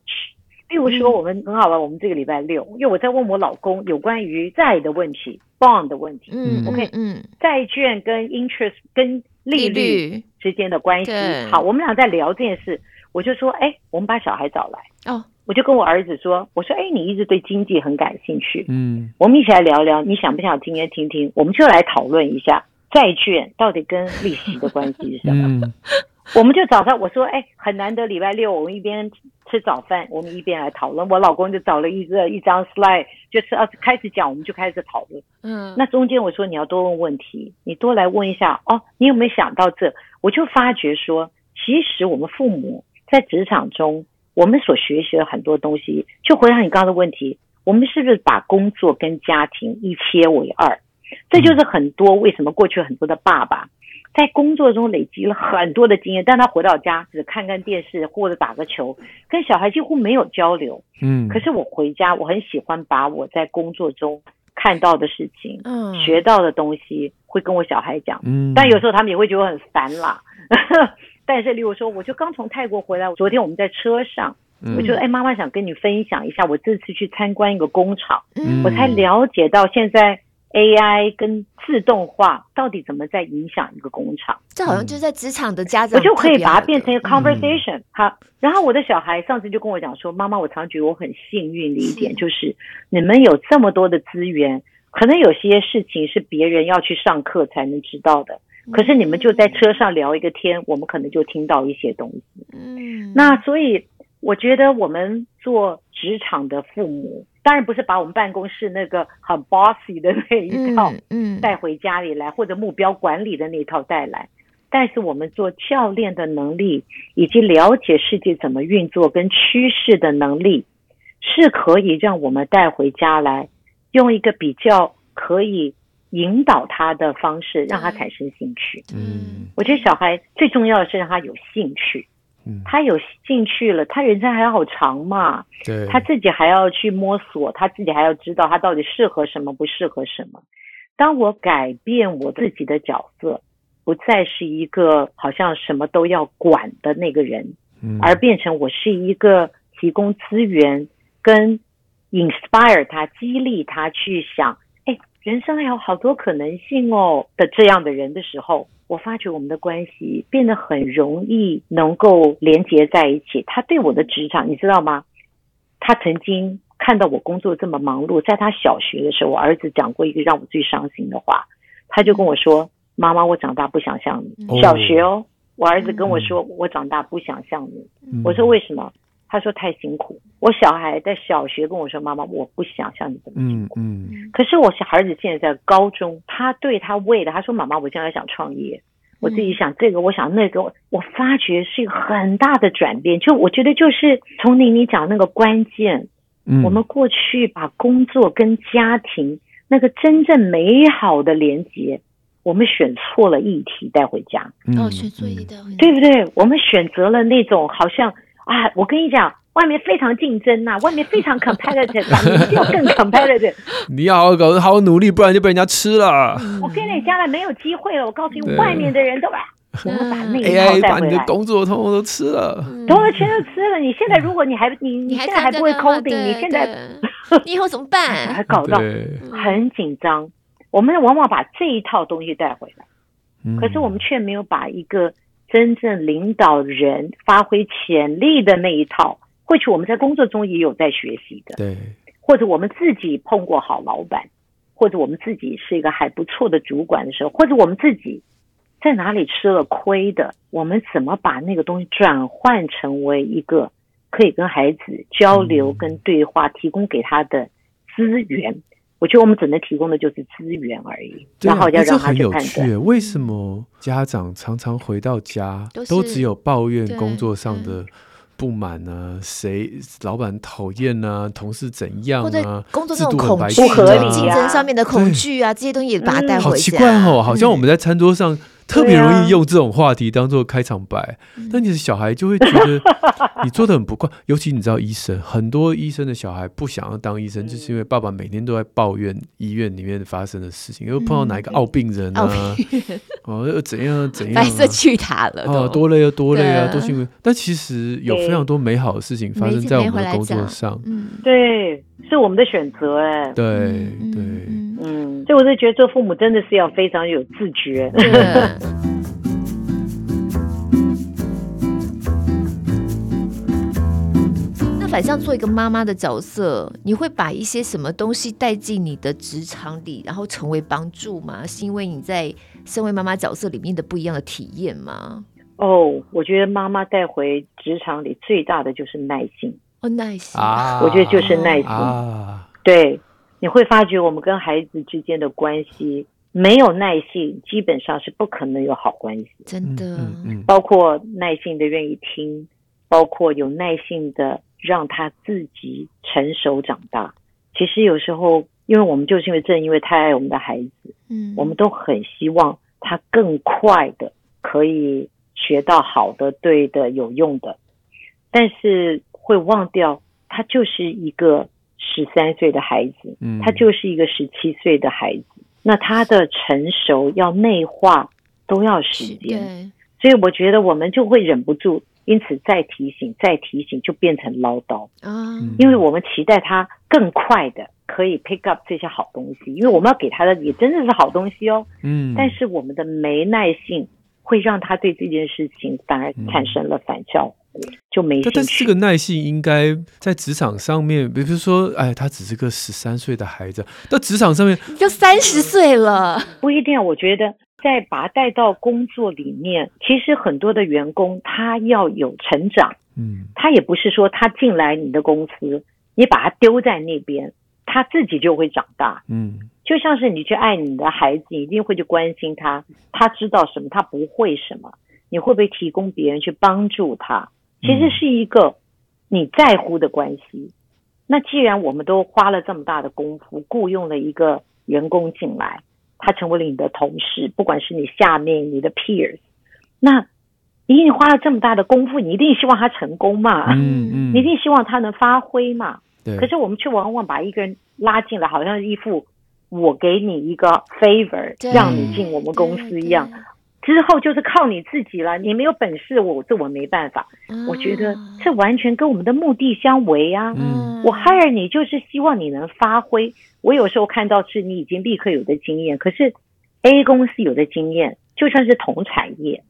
例如說，我們很好玩。我們這個禮拜六，嗯、因為我在問我老公有關於債的問題，bond 的問題。嗯，OK，嗯，債券跟 interest 跟利率之間的關係。好，我們倆在聊這件事，我就說，哎，我們把小孩找來。哦，我就跟我兒子說，我說，哎，你一直對經濟很感興趣。嗯，我們一起來聊聊，你想不想聽聽聽聽？我們就來討論一下債券到底跟利息的關係是什麼？ 嗯我們就找他，我說，哎，很難得禮拜六，我們一邊吃早飯，我們一邊來討論。我老公就找了一個一張 slide，就是開始講，我們就開始討論。嗯，那中間我說你要多問問題，你多來問一下哦，你有沒有想到這？我就發覺說，其實我們父母在職場中，我們所學習的很多東西，就回到你剛剛的問題，我們是不是把工作跟家庭一切為二？這就是很多為什麼過去很多的爸爸。嗯在工作中累積了很多的經驗，但他回到家只看看電視或者打個球，跟小孩幾乎沒有交流。嗯，可是我回家，我很喜歡把我在工作中看到的事情、嗯、學到的東西，會跟我小孩講。嗯，但有時候他們也會覺得很煩啦。 但是，例如說，我就剛從泰國回來，昨天我們在車上，我就說、嗯、哎，媽媽想跟你分享一下，我這次去參觀一個工廠，嗯、我才了解到現在。AI 跟自動化到底怎麼在影響一個工廠？這好像就在職場的家長，我就可以把它變成一個 conversation。好，然後我的小孩上次就跟我講說：“媽媽，我常覺得我很幸運的一點就是，你們有這麼多的資源，可能有些事情是別人要去上課才能知道的，可是你們就在車上聊一個天，我們可能就聽到一些東西。嗯，那所以我覺得我們做職場的父母。當然不是把我們辦公室那個很 bossy 的那一套，嗯，帶回家裡來，或者目標管理的那一套帶來。但是我們做教練的能力，以及了解世界怎麼運作跟趨勢的能力，是可以讓我們帶回家來，用一個比較可以引導他的方式，讓他產生興趣。嗯，我覺得小孩最重要的是讓他有興趣。嗯、他有興趣了，他人生還要好長嘛，對他自己還要去摸索，他自己還要知道他到底適合什麼，不適合什麼。當我改變我自己的角色，不再是一個好像什麼都要管的那個人，嗯、而變成我是一個提供資源跟 inspire 他，激勵他去想。人生有好多可能性哦，的這樣的人的時候，我發覺我們的關係變得很容易能夠連結在一起。他對我的職場，你知道嗎？他曾經看到我工作這麼忙碌，在他小學的時候，我兒子講過一個讓我最傷心的話，他就跟我說：“媽媽，我長大不想像你。嗯”小學哦，我兒子跟我說：“嗯、我長大不想像你。嗯”我說：“為什麼？”他說太辛苦，我小孩在小學跟我說：“媽媽，我不想像你這麼辛苦。”嗯，嗯，可是我小孩子現在在高中，他對他未來，他說：“媽媽，我將來想創業。”我自己想這個，嗯，我想那個，我發覺是一個很大的轉變。就我覺得，就是從你你講那個關鍵，嗯，我們過去把工作跟家庭那個真正美好的連接，我們選錯了議題帶回家。選錯議題帶回家。對不對？我們選擇了那種好像。啊，我跟你講，外面非常競爭吶，外面非常 competitive，你要更 competitive，你要搞得好努力，不然就被人家吃了。我跟你講，將來沒有機會了。我告訴你，外面的人都把 AI 把你的工作通通都吃了，通通全都吃了。你現在如果你還你，你現在還不會 coding，你現在你以後怎麼辦？還搞到很緊張。我們往往把這一套東西帶回來，可是我們卻沒有把一個。真正領導人發揮潛力的那一套，或許我們在工作中也有在學習的，對，或者我們自己碰過好老板，或者我們自己是一個還不錯的主管的時候，或者我們自己在哪裡吃了虧的，我們怎麼把那個東西轉換成為一個可以跟孩子交流、跟對話，嗯，提供給他的資源。我覺得我們只能提供的就是資源而已，啊、那好，家長很有趣，欸，為什麼家長常常回到家都，是都只有抱怨工作上的不滿呢，啊？誰老闆討厭啊？同事怎樣啊？工作上的恐懼啊，競爭上面的恐懼啊，這些東西把它帶回家，好奇怪哦，好像我們在餐桌上。嗯特別容易用這種話題當做開場白，那、嗯、你的小孩就會覺得你做得很不快。 尤其你知道，醫生很多醫生的小孩不想要當醫生，嗯、就是因為爸爸每天都在抱怨醫院裡面發生的事情，嗯、又碰到哪一個奧病人啊，病人哦又怎樣怎樣，啊，白色巨塔了，啊。多累啊，多累啊，對多幸運但其實有非常多美好的事情發生在我們的工作上。嗯、對，是我們的選擇，哎、嗯。對對。所以我是覺得，做父母真的是要非常有自覺。Yeah. 那反向做一個媽媽的角色，你會把一些什麼東西帶進你的職場裡，然後成為幫助嗎？是因為你在身為媽媽角色裡面的不一樣的體驗嗎？哦，oh, 我覺得媽媽帶回職場裡最大的就是耐心。哦，耐心。啊，我覺得就是耐心。Oh, ah. 對。你會發覺，我們跟孩子之間的關係沒有耐性，基本上是不可能有好關係。真的，包括耐心的願意聽，包括有耐性的讓他自己成熟長大。其實有時候，因為我們就是因為正因為太愛我們的孩子，嗯，我們都很希望他更快的可以學到好的、對的、有用的，但是會忘掉他就是一個。十三歲的孩子，他就是一個十七歲的孩子。嗯、那他的成熟要內化，都要時間。所以我覺得我們就會忍不住，因此再提醒、再提醒，就變成嘮叨啊。嗯、因為我們期待他更快的可以 pick up 這些好東西，因為我們要給他的也真的是好東西哦。嗯，但是我們的沒耐性，會讓他對這件事情反而產生了反效果。嗯就沒事，但這個耐性應該在職場上面，比如說，哎，他只是個十三歲的孩子，到職場上面就三十歲了，不一定。我覺得在把他帶到工作裡面，其實很多的員工他要有成長，嗯，他也不是說他進來你的公司，你把他丟在那邊，他自己就會長大，嗯，就像是你去愛你的孩子，你一定會去關心他，他知道什麼，他不會什麼，你會不會提供別人去幫助他？其實是一個你在乎的關係。嗯、那既然我們都花了這麼大的功夫雇傭了一個員工進來，他成為了你的同事，不管是你下面你的 peers，那，因為你花了這麼大的功夫，你一定希望他成功嘛，嗯嗯，嗯你一定希望他能發揮嘛，對。可是我們卻往往把一個人拉進來，好像是一副我給你一個 favor，對讓你進我們公司一樣。對對對之後就是靠你自己了。你沒有本事，我這我沒辦法。嗯、我覺得這完全跟我們的目的相違呀、啊。嗯、我 hire 你就是希望你能發揮。我有時候看到是你已經立刻有的經驗，可是 A 公司有的經驗就算是同產業，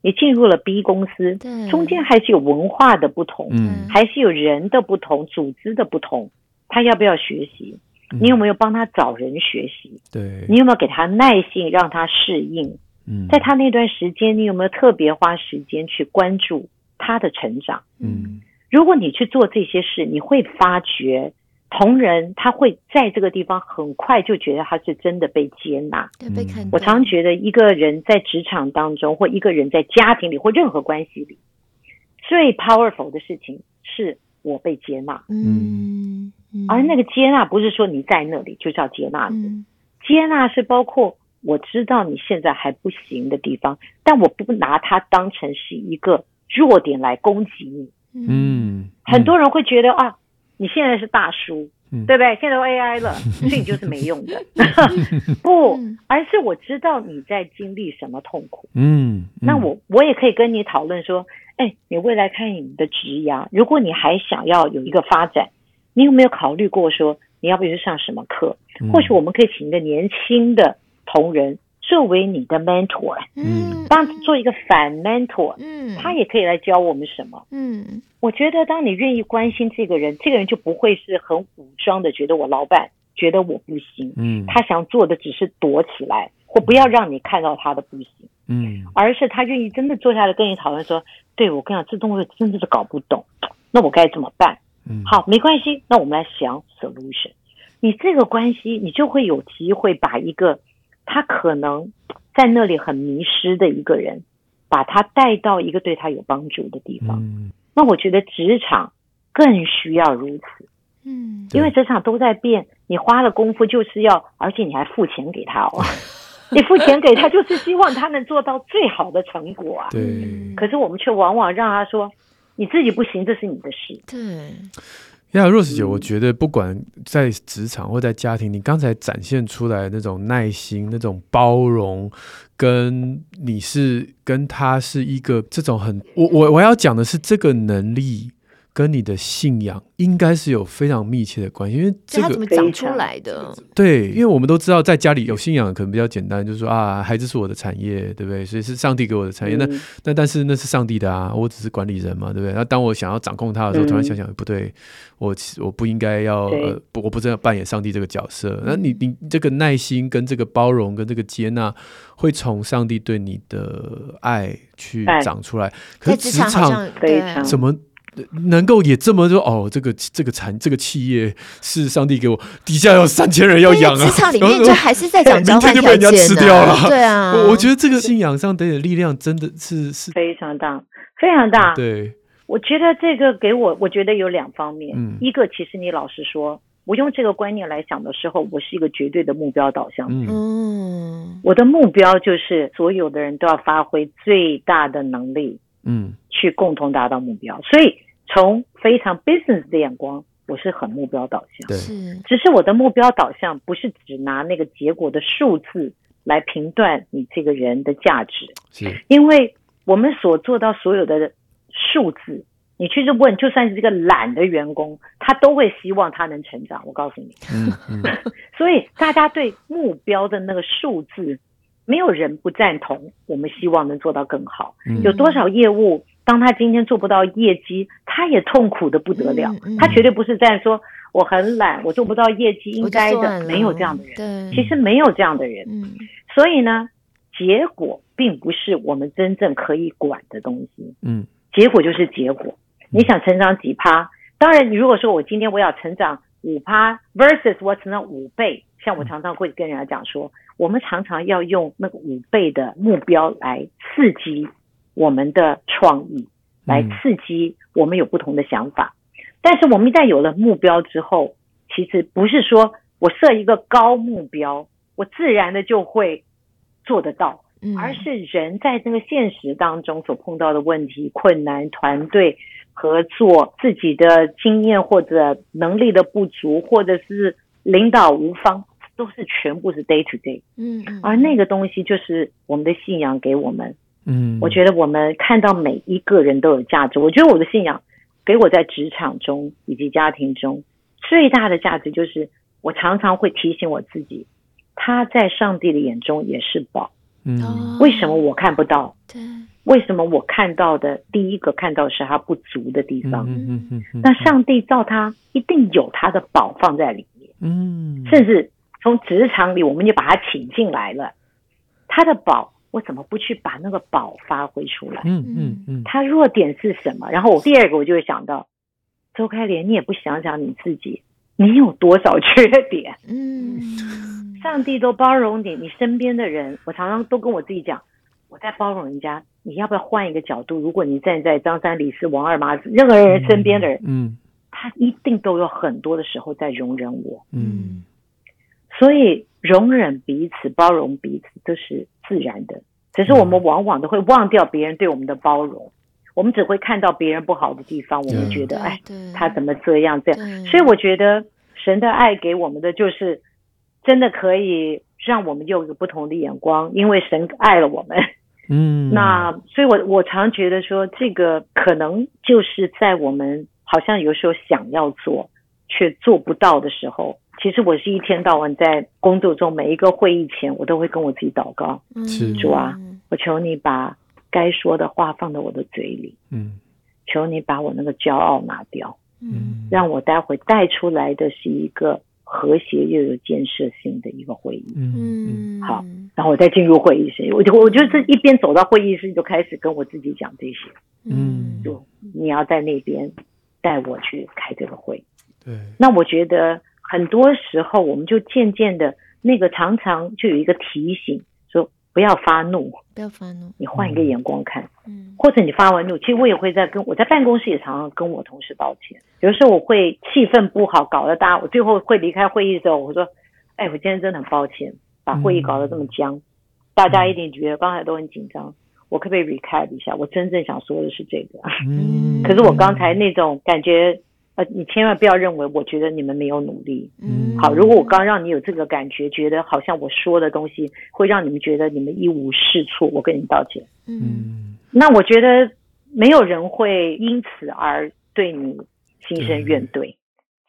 你進入了 B 公司，對中間還是有文化的不同，嗯、還是有人的不同，組織的不同，他要不要學習？你有沒有幫他找人學習？嗯、對，你有沒有給他耐性讓他適應？在他那段時間，你有沒有特別花時間去關注他的成長？嗯，如果你去做這些事，你會發覺同仁，他會在這個地方很快就覺得他是真的被接納。嗯、我常常覺得，一個人在職場當中，或一個人在家庭裡，或任何關係裡，最 powerful 的事情是我被接納、嗯。嗯，而那個接納不是說你在那裡就是、要接納你，嗯、接納是包括。我知道你現在還不行的地方，但我不拿它當成是一個弱點來攻擊你。嗯，嗯，很多人會覺得啊，你現在是大叔，嗯、對不對？現在都 AI 了， 所以你就是沒用的。 不，而是我知道你在經歷什麼痛苦。嗯，嗯，那我我也可以跟你討論說，哎，你未來看你的職業啊，如果你還想要有一個發展，你有沒有考慮過說，你要不要去上什麼課？嗯、或許我們可以請一個年輕的。同仁作為你的 mentor，嗯，當做一個反 mentor，嗯，他也可以來教我們什麼，嗯，我覺得當你願意關心這個人，這個人就不會是很武裝的，覺得我老闆覺得我不行，嗯，他想做的只是躲起來或不要讓你看到他的不行，嗯，而是他願意真的坐下來跟你討論，說，嗯、對我跟你講，這東西真的是搞不懂，那我該怎麼辦？嗯，好，沒關係，那我們來想 solution，你這個關係，你就會有機會把一個。他可能在那裡很迷失的一個人，把他帶到一個對他有幫助的地方。嗯，那我覺得職場更需要如此，嗯，因為職場都在變，對你花了功夫就是要，而且你還付錢給他哦， 你付錢給他就是希望他能做到最好的成果啊。對可是我們卻往往讓他說，你自己不行，這是你的事。對。那、啊、Rose 姐，我覺得不管在職場或在家庭，你剛才展現出來的那種耐心、那種包容，跟你是跟他是一個這種很……我我我要講的是這個能力。跟你的信仰應該是有非常密切的關係，因為這個怎麼長出來的？對，因為我們都知道，在家裡有信仰可能比較簡單，就是說啊，孩子是我的產業，對不對？所以是上帝給我的產業。嗯、那那但，但是那是上帝的啊，我只是管理人嘛，對不對？那當我想要掌控他的時候，突然想想、嗯、不對，我我不應該要對、呃，我不要扮演上帝這個角色。那你你這個耐心跟這個包容跟這個接納，會從上帝對你的愛去長出來。對可是職場，對場怎麼？能夠也這麼說哦，這個這個產這個企業是上帝給我，底下有三千人要養啊，職場裡面就還是在講交換，明天就被人家吃掉了。對啊我，我覺得這個信仰上的力量真的是是非常大，非常大。對，我覺得這個給我，我覺得有兩方面，嗯，一個其實你老實說，我用這個觀念來想的時候，我是一個絕對的目標導向，嗯，我的目標就是所有的人都要發揮最大的能力，嗯，去共同達到目標，所以。從非常 business 的眼光，我是很目標導向。對，只是我的目標導向不是只拿那個結果的數字來評斷你這個人的價值。是因為我們所做到所有的數字，你去問，就算是一個懶的員工，他都會希望他能成長。我告訴你。嗯嗯。嗯 所以大家對目標的那個數字，沒有人不贊同。我們希望能做到更好。嗯。有多少業務？當他今天做不到業績，他也痛苦得不得了。嗯嗯、他絕對不是在說我很懶，是我做不到業績應該的，沒有這樣的人。對其實沒有這樣的人。嗯、所以呢，結果並不是我們真正可以管的東西。嗯，結果就是結果。嗯、你想成長幾趴？嗯、當然，你如果說我今天我要成長五趴，versus 我成長五倍，像我常常會跟人家講說，嗯、我們常常要用那個五倍的目標來刺激。我們的創意，來刺激我們有不同的想法。嗯，但是我們一旦有了目標之後，其實不是說我設一個高目標，我自然的就會做得到，而是人在這個現實當中所碰到的問題、困難、團隊合作、自己的經驗或者能力的不足，或者是領導無方，都是全部是 day to day。嗯，而那個東西就是我們的信仰給我們。嗯，我覺得我們看到每一個人都有價值。我覺得我的信仰給我在職場中以及家庭中最大的價值，就是我常常會提醒我自己，他在上帝的眼中也是寶。嗯，為什麼我看不到？對，為什麼我看到的第一個看到是他不足的地方？嗯嗯嗯。那上帝造他一定有他的寶放在裡面。嗯。甚至從職場裡，我們就把他請進來了，他的寶。我怎麼不去把那個寶發揮出來？嗯嗯嗯，嗯嗯他弱點是什麼？然後我第二個，我就會想到，鄒開蓮，你也不想想你自己，你有多少缺點？嗯，上帝都包容你，你身邊的人，我常常都跟我自己講，我在包容人家，你要不要換一個角度？如果你站在張三李四王二麻子任何人身邊的人，嗯，嗯他一定都有很多的時候在容忍我。嗯，所以容忍彼此，包容彼此，就是。自然的，只是我們往往都會忘掉別人對我們的包容，嗯、我們只會看到別人不好的地方，我們覺得、嗯、哎，他怎麼這樣這樣？嗯、所以我覺得神的愛給我們的就是真的可以讓我們用一個不同的眼光，因為神愛了我們。嗯，那所以我，我我常覺得說，這個可能就是在我們好像有時候想要做卻做不到的時候。其實我是一天到晚在工作中，每一個會議前，我都會跟我自己禱告：“嗯、主啊，嗯、我求你把該說的話放到我的嘴裡，嗯，求你把我那個驕傲拿掉，嗯，讓我待會帶出來的是一個和諧又有建設性的一個會議，嗯，好，然後我再進入會議室，我就我就是這一邊走到會議室就開始跟我自己講這些，嗯，就你要在那邊帶我去開這個會，對，那我覺得。很多時候，我們就漸漸的，那個常常就有一個提醒，說不要發怒，不要發怒，你換一個眼光看，嗯，或者你發完怒，其實我也會在跟我在辦公室也常常跟我同事道歉。有時候我會氣氛不好，搞得大家，我最後會離開會議的時候，我說，哎，我今天真的很抱歉，把會議搞得這麼僵，嗯、大家一定覺得剛才都很緊張，我可不可以 recap 一下，我真正想說的是這個，啊，嗯、可是我剛才那種感覺。呃，你千萬不要認為，我覺得你們沒有努力。嗯，好，如果我剛讓你有這個感覺，覺得好像我說的東西會讓你們覺得你們一無是處，我跟你道歉。嗯，那我覺得沒有人會因此而對你心生怨懟，嗯、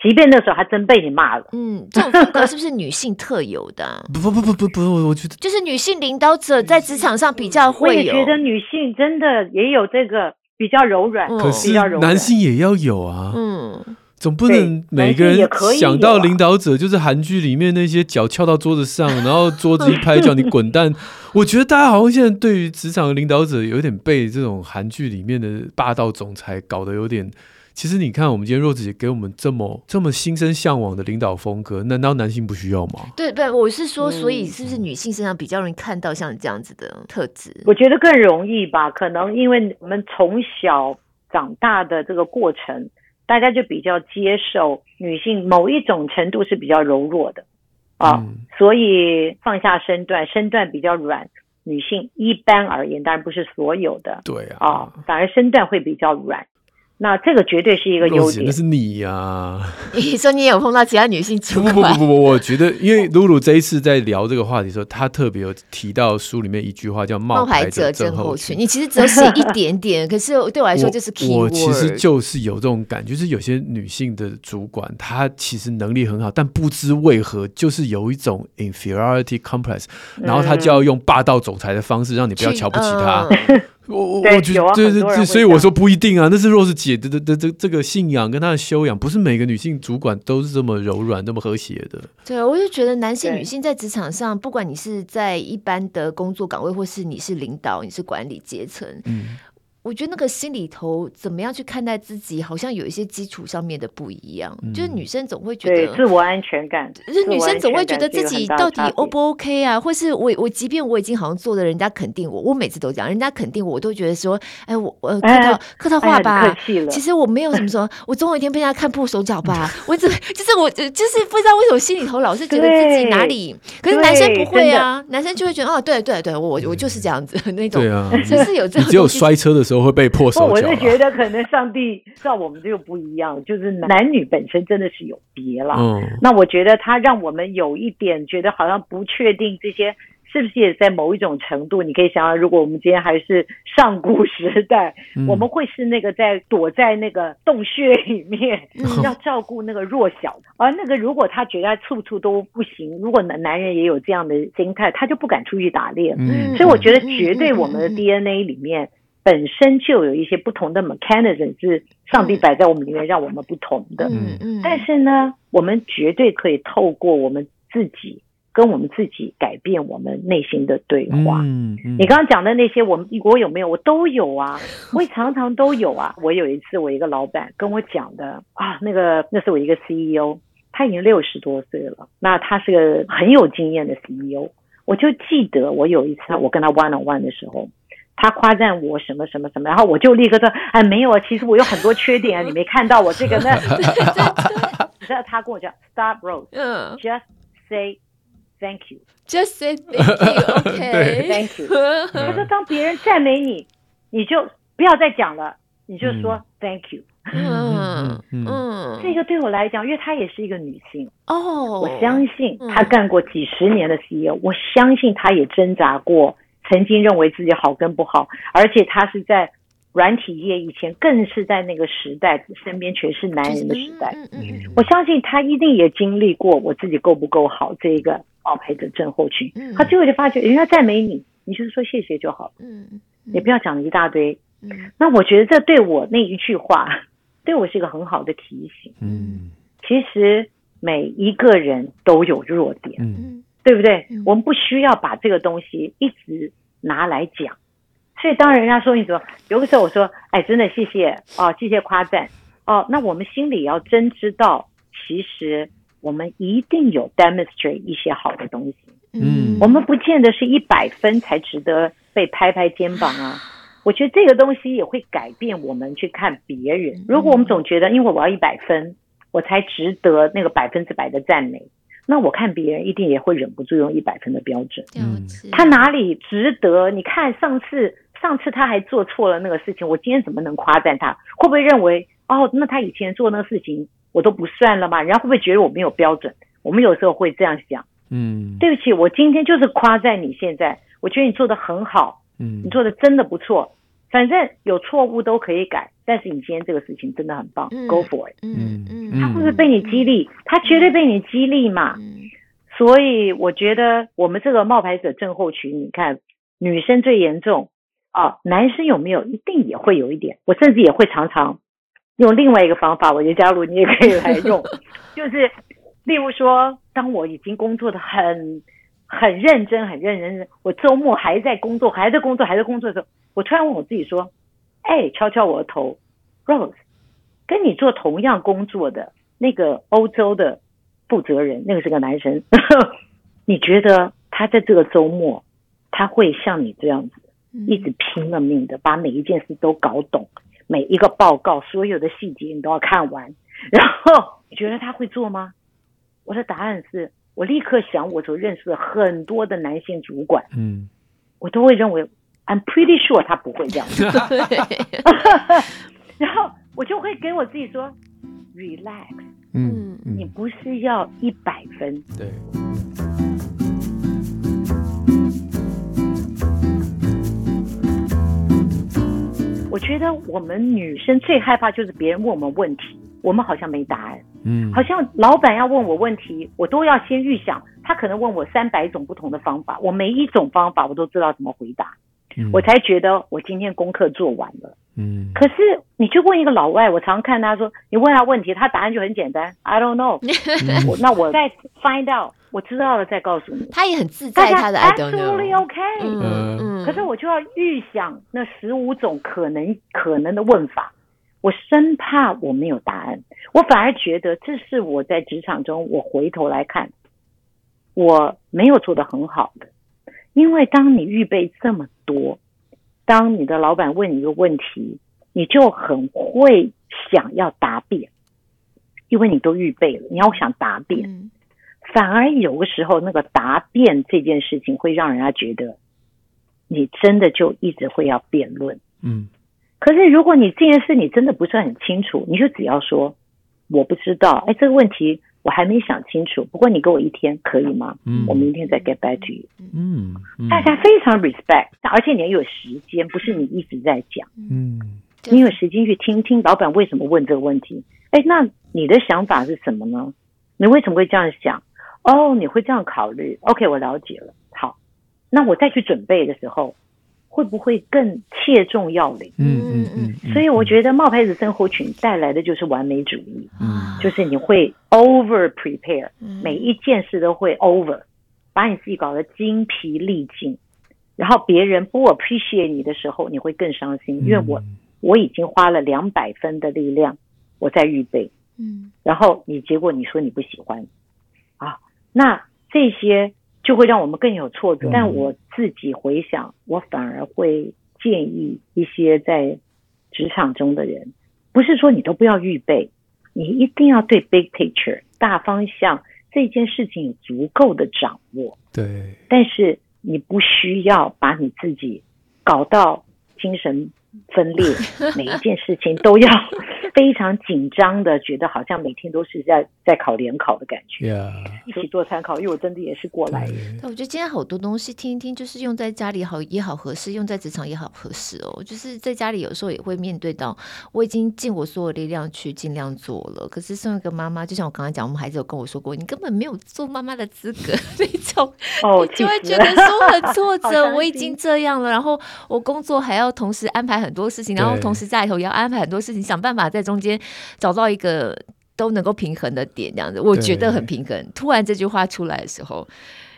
即便那時候還真被你罵了。嗯，這種風格是不是女性特有的？ 不，不不不不不不，我覺得就是女性領導者在職場上比較會。我也覺得女性真的也有這個。比較柔軟，可是、嗯、男性也要有啊，嗯，總不能每個人想到領導者就是韓劇裡面那些腳翹到桌子上，嗯、然後桌子一拍，叫、嗯、你滾蛋。嗯、我覺得大家好像現在對於職場的領導者，有點被這種韓劇裡面的霸道總裁搞得有點。其實你看，我們今天若子姐給我們這麼這麼心生嚮往的領導風格，難道男性不需要嗎？對對，我是說，所以是不是女性身上比較容易看到像這樣子的特質？嗯、我覺得更容易吧，可能因為我們從小長大的這個過程，大家就比較接受女性某一種程度是比較柔弱的啊，哦嗯、所以放下身段，身段比較軟。女性一般而言，當然不是所有的，對啊，哦、反而身段會比較軟。那這個絕對是一個優點。那是你呀、啊！你說你也有碰到其他女性主管？ 不不不不，我覺得，因為露露這一次在聊這個話題的時候，她特別有提到書裡面一句話，叫“冒牌者症候群”症候群。你其實只有寫一點點， 可是對我來說就是我。我其實就是有這種感覺，就是有些女性的主管，她其實能力很好，但不知為何就是有一種 inferiority complex，然後她就要用霸道總裁的方式讓你不要瞧不起她。嗯 我我對我覺得對、啊、對，所以我說不一定啊，那是 Rose 姐的的這這個信仰跟她的修養，不是每個女性主管都是這麼柔軟、對這麼和諧的。對，我就覺得男性、女性在職場上，對不管你是在一般的工作崗位，或是你是領導、你是管理階層，嗯。我覺得那個心裡頭怎麼樣去看待自己，好像有一些基礎上面的不一樣。就是女生總會覺得對，自我安全感，就是女生總會覺得自己到底 O 不 OK 啊？或是我我即便我已經好像做了，人家肯定我，我每次都這樣，人家肯定我都覺得說，哎，我我客套客套話吧，其實我沒有什麼說，我總有一天被人家看破手腳吧。我只就是我就是不知道為什麼心裡頭老是覺得自己哪裡。可是男生不會啊，男生就會覺得哦，對對對，我我就是這樣子那種，就是有這樣。只有摔車的時候。都會被迫不，我就覺得可能上帝造我們就不一樣， 就是男女本身真的是有別了。嗯、那我覺得他讓我們有一點覺得好像不確定這些是不是也在某一種程度。你可以想想，如果我們今天還是上古時代，嗯、我們會是那個在躲在那個洞穴裡面，嗯、要照顧那個弱小。哦、而那個如果他覺得他處處都不行，如果男男人也有這樣的心態，他就不敢出去打獵。嗯、所以我覺得絕對我們的 DNA 裡面。嗯嗯本身就有一些不同的 mechanism，是上帝擺在我們裡面，讓我們不同的。嗯嗯。嗯，但是呢，我們絕對可以透過我們自己跟我們自己改變我們內心的對話。嗯嗯。嗯，你剛剛講的那些，我們我有沒有？我都有啊，我也常常都有啊。我有一次，我一個老板跟我講的啊，那個那是我一個 CEO，他已經六十多歲了，那他是個很有經驗的 CEO。我就記得我有一次，我跟他 one on one 的時候。他誇讚我什麼什麼什麼，然後我就立刻說：“哎，沒有，啊，其實我有很多缺點啊，你沒看到我這個那。”哈哈哈哈哈。你知道他跟我講 Stop Rose, s a r p Rose，嗯，Just say thank you，Just say thank you，OK，Thank you、okay.。” yeah. 他說：“當別人讚美你，你就不要再講了，你就說 Thank you。”嗯嗯，這個對我來講，因為她也是一個女性哦，oh. 我相信她幹過幾十年的 CEO，我相信她也掙扎過。曾經認為自己好跟不好，而且他是在軟體業，以前更是在那個時代，身邊全是男人的時代。嗯嗯嗯、我相信他一定也經歷過“我自己夠不夠好”這個冒牌的症候群。嗯嗯、他最後就發覺，人家讚美你，你就是說謝謝就好了，嗯，嗯也不要講一大堆。嗯，嗯那我覺得這對我那一句話，對我是一個很好的提醒。嗯，其實每一個人都有弱點。嗯嗯。嗯對不對？嗯、我們不需要把這個東西一直拿來講，所以當然人家說你怎麼說，有的時候我說，哎，真的謝謝哦，謝謝、哦、誇讚哦，那我們心裡要真知道，其實我們一定有 demonstrate 一些好的東西，嗯，我們不見得是一百分才值得被拍拍肩膀啊。我覺得這個東西也會改變我們去看別人。如果我們總覺得，因為我要一百分，我才值得那個百分之百的讚美。那我看別人一定也會忍不住用一百分的標準。嗯，他哪裡值得？你看上次，上次他還做錯了那個事情，我今天怎麼能誇讚他？會不會認為哦，那他以前做那個事情我都不算了嗎？人家會不會覺得我沒有標準？我們有時候會這樣想。嗯，對不起，我今天就是誇讚你現在，我覺得你做的很好。嗯，你做的真的不錯，嗯，反正有錯誤都可以改。但是你今天這個事情真的很棒，Go for it。嗯嗯，嗯嗯他是不是被你激勵？他絕對被你激勵嘛。所以我覺得我們這個冒牌者症候群，你看女生最嚴重哦、啊，男生有沒有？一定也會有一點。我甚至也會常常用另外一個方法，我覺得佳璐，你也可以來用， 就是例如說，當我已經工作的很很認真、很認真、我周末還在工作、還在工作、還在工作的時候，我突然問我自己說。哎，敲敲我的頭，Rose，跟你做同樣工作的那個歐洲的負責人，那個是個男生。 你覺得他在這個周末，他會像你這樣子，一直拼了命的把每一件事都搞懂，每一個報告所有的細節你都要看完，然後你覺得他會做嗎？我的答案是，我立刻想我所認識的很多的男性主管，嗯，我都會認為。I'm pretty sure 他不會這樣子。對，然後我就會給我自己說，relax。嗯，嗯你不是要一百分。對。我覺得我們女生最害怕就是別人問我們問題，我們好像沒答案。嗯。好像老板要問我問題，我都要先預想他可能問我三百種不同的方法，我每一種方法我都知道怎麼回答。嗯、我才覺得我今天功課做完了。嗯，可是你去問一個老外，我常看他說，你問他問題，他答案就很簡單，I don't know。 那我再 find out，我知道了再告訴你。他也很自在，他的家 I don't know okay。嗯、可是我就要預想那十五種可能可能的問法，嗯、我生怕我沒有答案，我反而覺得這是我在職場中，我回頭來看，我沒有做得很好的，因為當你預備這麼多，當你的老闆問你一個問題，你就很會想要答辯，因為你都預備了，你要想答辯。嗯，反而有的時候，那個答辯這件事情會讓人家覺得，你真的就一直會要辯論。嗯，可是如果你這件事你真的不是很清楚，你就只要說我不知道。哎，這個問題。我還沒想清楚，不過你給我一天可以嗎？嗯，我明天再 get back to you。嗯，嗯，大家非常 respect，而且你要有時間，不是你一直在講，嗯，你有時間去聽聽老闆為什麼問這個問題。哎，那你的想法是什麼呢？你為什麼會這樣想？哦，你會這樣考慮？OK，我了解了。好，那我再去準備的時候。會不會更切中要領，嗯？嗯嗯嗯，所以我覺得冒牌者症候群帶來的就是完美主義，嗯，就是你會 over prepare，嗯、每一件事都會 over，把你自己搞得精疲力盡，然後別人不 appreciate 你的時候，你會更傷心，因為我我已經花了兩百分的力量，我在預備，嗯，然後你結果你說你不喜歡，啊，那這些。就會讓我們更有挫折，但我自己回想，我反而會建議一些在職場中的人，不是說你都不要預備，你一定要對 big picture 大方向這件事情有足夠的掌握，對，但是你不需要把你自己搞到精神分裂，每一件事情都要非常緊張的， 覺得好像每天都是在在考聯考的感覺。Yeah. 一起做參考，因為我真的也是過來人。那 Yeah. 我覺得今天好多東西聽一聽，就是用在家裡好也好合適，用在職場也好合適哦。就是在家裡有時候也會面對到，我已經盡我所有力量去盡量做了，可是身為一個媽媽，就像我剛剛講，我們孩子有跟我說過，你根本沒有做媽媽的資格 那種，我、oh, 你就會覺得說很挫折， 心我已經這樣了，然後我工作還要同時安排很很多事情，然後同時在裡頭也要安排很多事情，對想辦法在中間找到一個都能夠平衡的點，這樣子我覺得很平衡。對突然這句話出來的時候，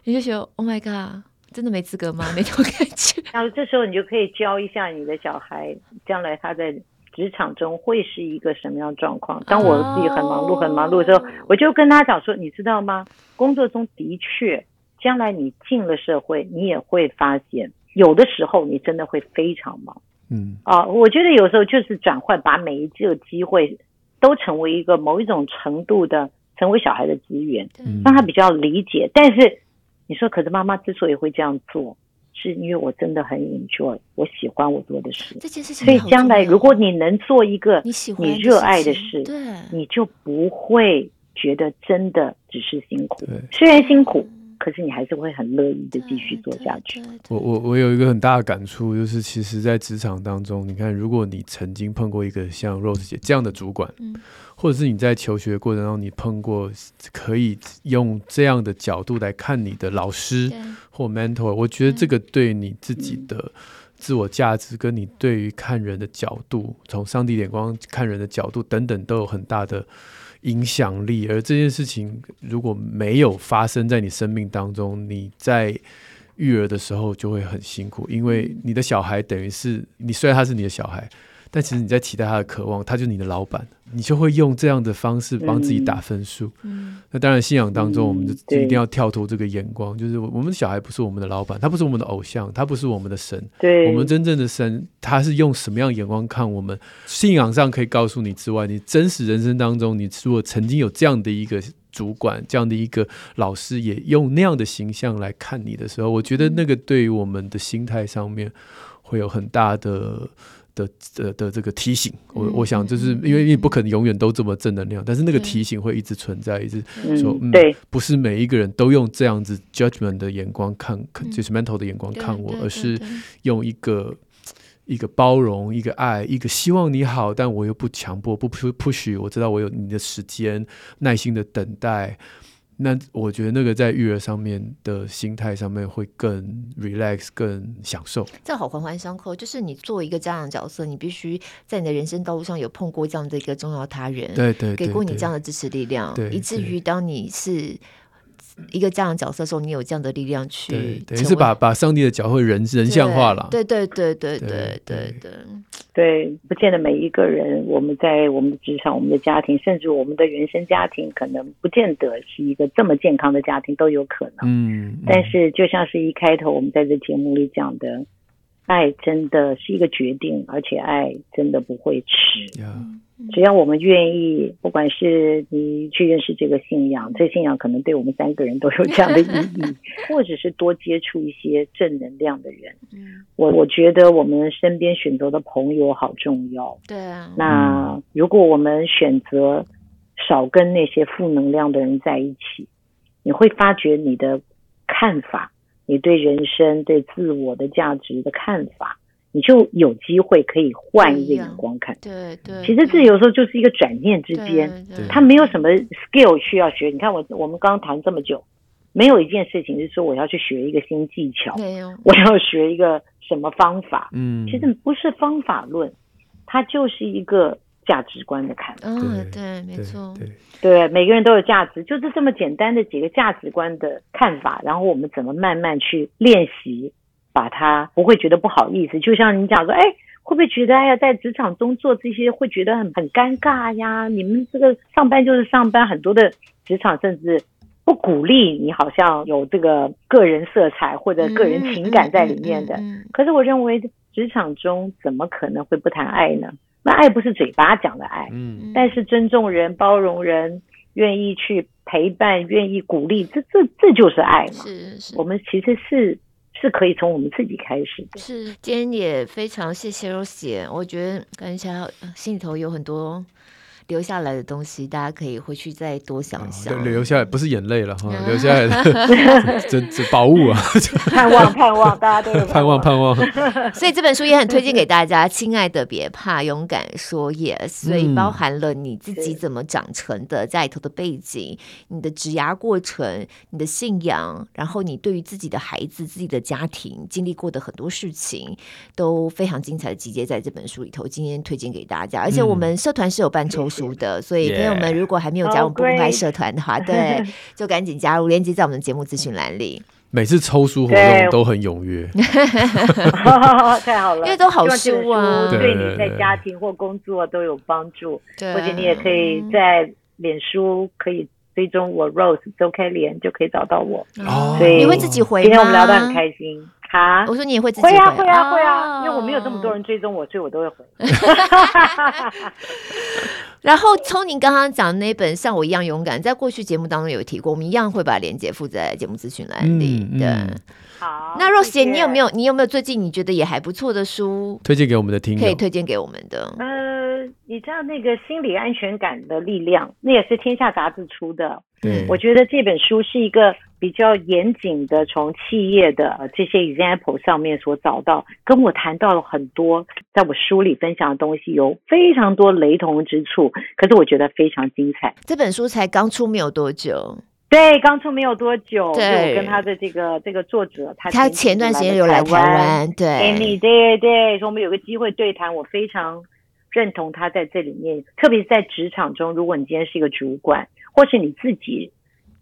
你就覺得：“Oh my god！” 真的沒資格嗎？沒有感覺。然後這時候你就可以教一下你的小孩，將來他在職場中會是一個什麼樣的狀況。當我自己很忙碌、oh、很忙碌的時候，我就跟他講說：“你知道嗎？工作中的確，將來你進了社會，你也會發現，有的時候你真的會非常忙。”嗯啊，呃，我覺得有時候就是轉換，把每一次的機會都成為一個某一種程度的成為小孩的資源，對讓他比較理解。但是你說，可是媽媽之所以會這樣做，是因為我真的很 enjoy，我喜歡我做的事，事，所以將來如果你能做一個你喜歡、熱愛的事，的事對，你就不會覺得真的只是辛苦。對雖然辛苦，可是你還是會很樂意的繼續做下去。對對對對，我我我有一個很大的感觸，就是其實，在職場當中，你看，如果你曾經碰過一個像 Rose 姐這樣的主管，嗯、或者是你在求學的過程當中，你碰過可以用這樣的角度來看你的老師或 mentor，對我覺得這個對你自己的自我價值跟你對於看人的角度，嗯、從上帝眼光看人的角度等等，都有很大的，影響力，而這件事情如果沒有發生在你生命當中，你在育兒的時候就會很辛苦，因為你的小孩等於是你，雖然他是你的小孩。但其實你在期待他的渴望，他就是你的老板，你就會用這樣的方式幫自己打分數。嗯，那當然信仰當中，嗯，我們就對就一定要跳脫這個眼光，就是我們小孩不是我們的老板，他不是我們的偶像，他不是我們的神。對，我們真正的神，他是用什麼樣的眼光看我們？信仰上可以告訴你之外，你真實人生當中，你如果曾經有這樣的一個主管、這樣的一個老師，也用那樣的形象來看你的時候，我覺得那個對於我們的心態上面會有很大的。的的、呃、的這個提醒，我我想就是因為你不可能永遠都這麼正能量，嗯、但是那個提醒會一直存在，嗯、一直說，嗯，對不是每一個人都用這樣子 judgment 的眼光看，嗯、就是 mental 的眼光看我。對對對對，而是用一個一個包容、一個愛、一個希望你好，但我又不強迫、不 push，我知道我有你的時間，耐心的等待。那我覺得那個在育兒上面的心態上面會更 relax，更享受。正好環環相扣，就是你做一個家長角色，你必須在你的人生道路上有碰過這樣的一個重要他人，對對對對對，給過你這樣的支持力量，以至於當你是。一個這樣的角色的時候，你有這樣的力量去對，也是把把上帝的教會人人像化了。對對對對對對對對，不見得每一個人，我們在我們的職場、我們的家庭，甚至我們的原生家庭，可能不見得是一個這麼健康的家庭，都有可能。嗯，嗯，但是就像是一開頭我們在這節目裡講的。愛真的是一個決定，而且愛真的不會遲。Yeah. 只要我們願意，不管是你去認識這個信仰，這信仰可能對我們三個人都有這樣的意義， 或者是多接觸一些正能量的人。Yeah. 嗯，我我覺得我們身邊選擇的朋友好重要。對啊，那如果我們選擇少跟那些負能量的人在一起，你會發覺你的看法。你對人生、對自我的價值的看法，你就有機會可以換一個眼光看。對，對對，對，其實這有時候就是一個轉念之間，他、嗯、沒有什麼 skill 需要學。你看我，我們剛剛談這麼久，沒有一件事情是說我要去學一個新技巧，沒有，我要學一個什麼方法。嗯，其實不是方法論，它就是一個。價值觀的看法，嗯，對，沒錯，對、對，每個人都有價值，就是這麼簡單的幾個價值觀的看法，然後我們怎麼慢慢去練習，把它不會覺得不好意思。就像你講說，哎，會不會覺得哎呀，在職場中做這些會覺得很很尷尬呀？你們這個上班就是上班，很多的職場甚至不鼓勵你，好像有這個個人色彩或者個人情感在裡面的。嗯嗯嗯嗯、可是我認為，職場中怎麼可能會不談愛呢？那愛不是嘴巴講的愛，嗯，但是尊重人、包容人、願意去陪伴、願意鼓勵，這這這就是愛嘛。是，是，我們其實是是可以從我們自己開始的。是，今天也非常謝謝 Rose 姐，我覺得剛才心裡頭有很多。留下來的東西，大家可以回去再多想一想。留下來不是眼淚了哈，留下來，是這這寶物啊！ 盼望盼望，大家都盼望盼望。盼望盼望。所以這本書也很推薦給大家。親 愛的，別怕，勇敢說 yes、嗯。所以包含了你自己怎麼長成的，是在裡頭的背景，你的職涯過程，你的信仰，然後你對於自己的孩子、自己的家庭經歷過的很多事情，都非常精彩的集結在這本書裡頭。今天推薦給大家，而且我們社團是有辦抽。嗯讀的，所以朋友們如果還沒有加入不公開社團的話，yeah. oh, 對，就趕緊加入，鏈接在我們的節目資訊欄裡。 每次抽書活動都很踴躍，太好了， 因為都好書啊，希望對。對你在家庭或工作都有幫助，對，對，對，對。或者你也可以在臉書可以追蹤我 Rose 鄒開蓮就可以找到我。哦、oh, 所以，你會自己回，今天我們聊得很開心。啊！哈我說你也會自己回啊會，啊會，啊會啊！會啊！會啊！因為我沒有這麼多人追蹤我，所以我都會回。然後從你剛剛講的那本《像我一樣勇敢》，在過去節目當中有提過，我們一樣會把連結附在節目諮詢欄裡。嗯、對，嗯、好。那若曦，謝謝你有沒有？你有沒有最近你覺得也還不錯的書推薦給我們的聽眾？可以推薦給我們的。們的呃，你知道那個《心理安全感的力量》，那也是天下雜誌出的。嗯對，我覺得這本書是一個。比較嚴謹的，從企業的這些 example 上面所找到，跟我談到了很多，在我書裡分享的東西有非常多雷同之處，可是我覺得非常精彩。這本書才剛出沒有多久，對，剛出沒有多久，對，對我跟他的這個這個作者，他，天天他前段時間有來台灣，對，Amy 對對，說我們有個機會對談，我非常認同他在這裡面，特別是在職場中，如果你今天是一個主管，或是你自己。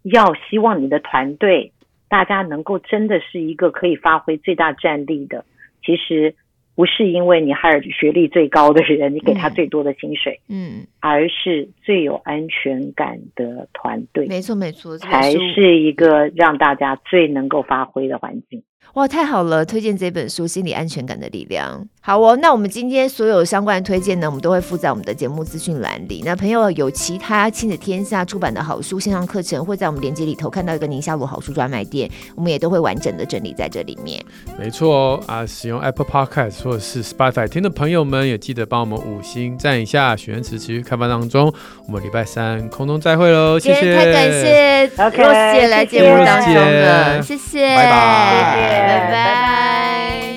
要希望你的團隊，大家能夠真的是一個可以發揮最大戰力的，其實不是因為你 hire 學歷最高的人，你給他最多的薪水，嗯，而是最有安全感的團隊，沒錯沒錯，沒錯是沒錯，才是一個讓大家最能夠發揮的環境。嗯。哇，太好了！推薦這本書《心理安全感的力量》。好哦，那我們今天所有相關的推薦呢，我們都會附在我們的節目資訊欄裡。那朋友有其他親子天下出版的好書、線上課程，會在我們鏈接裡頭看到一個寧夏璐好書專賣店，我們也都會完整的整理在這裡面。沒錯哦，啊，使用 Apple Podcast 或者是 Spotify 聽的朋友們，也記得幫我們五星讚一下。許願池持續開放當中，我們禮拜三空中再會嘍！謝謝，太感謝 Rose 姐來節目當中了，okay, 謝謝，謝謝拜拜。謝謝拜拜。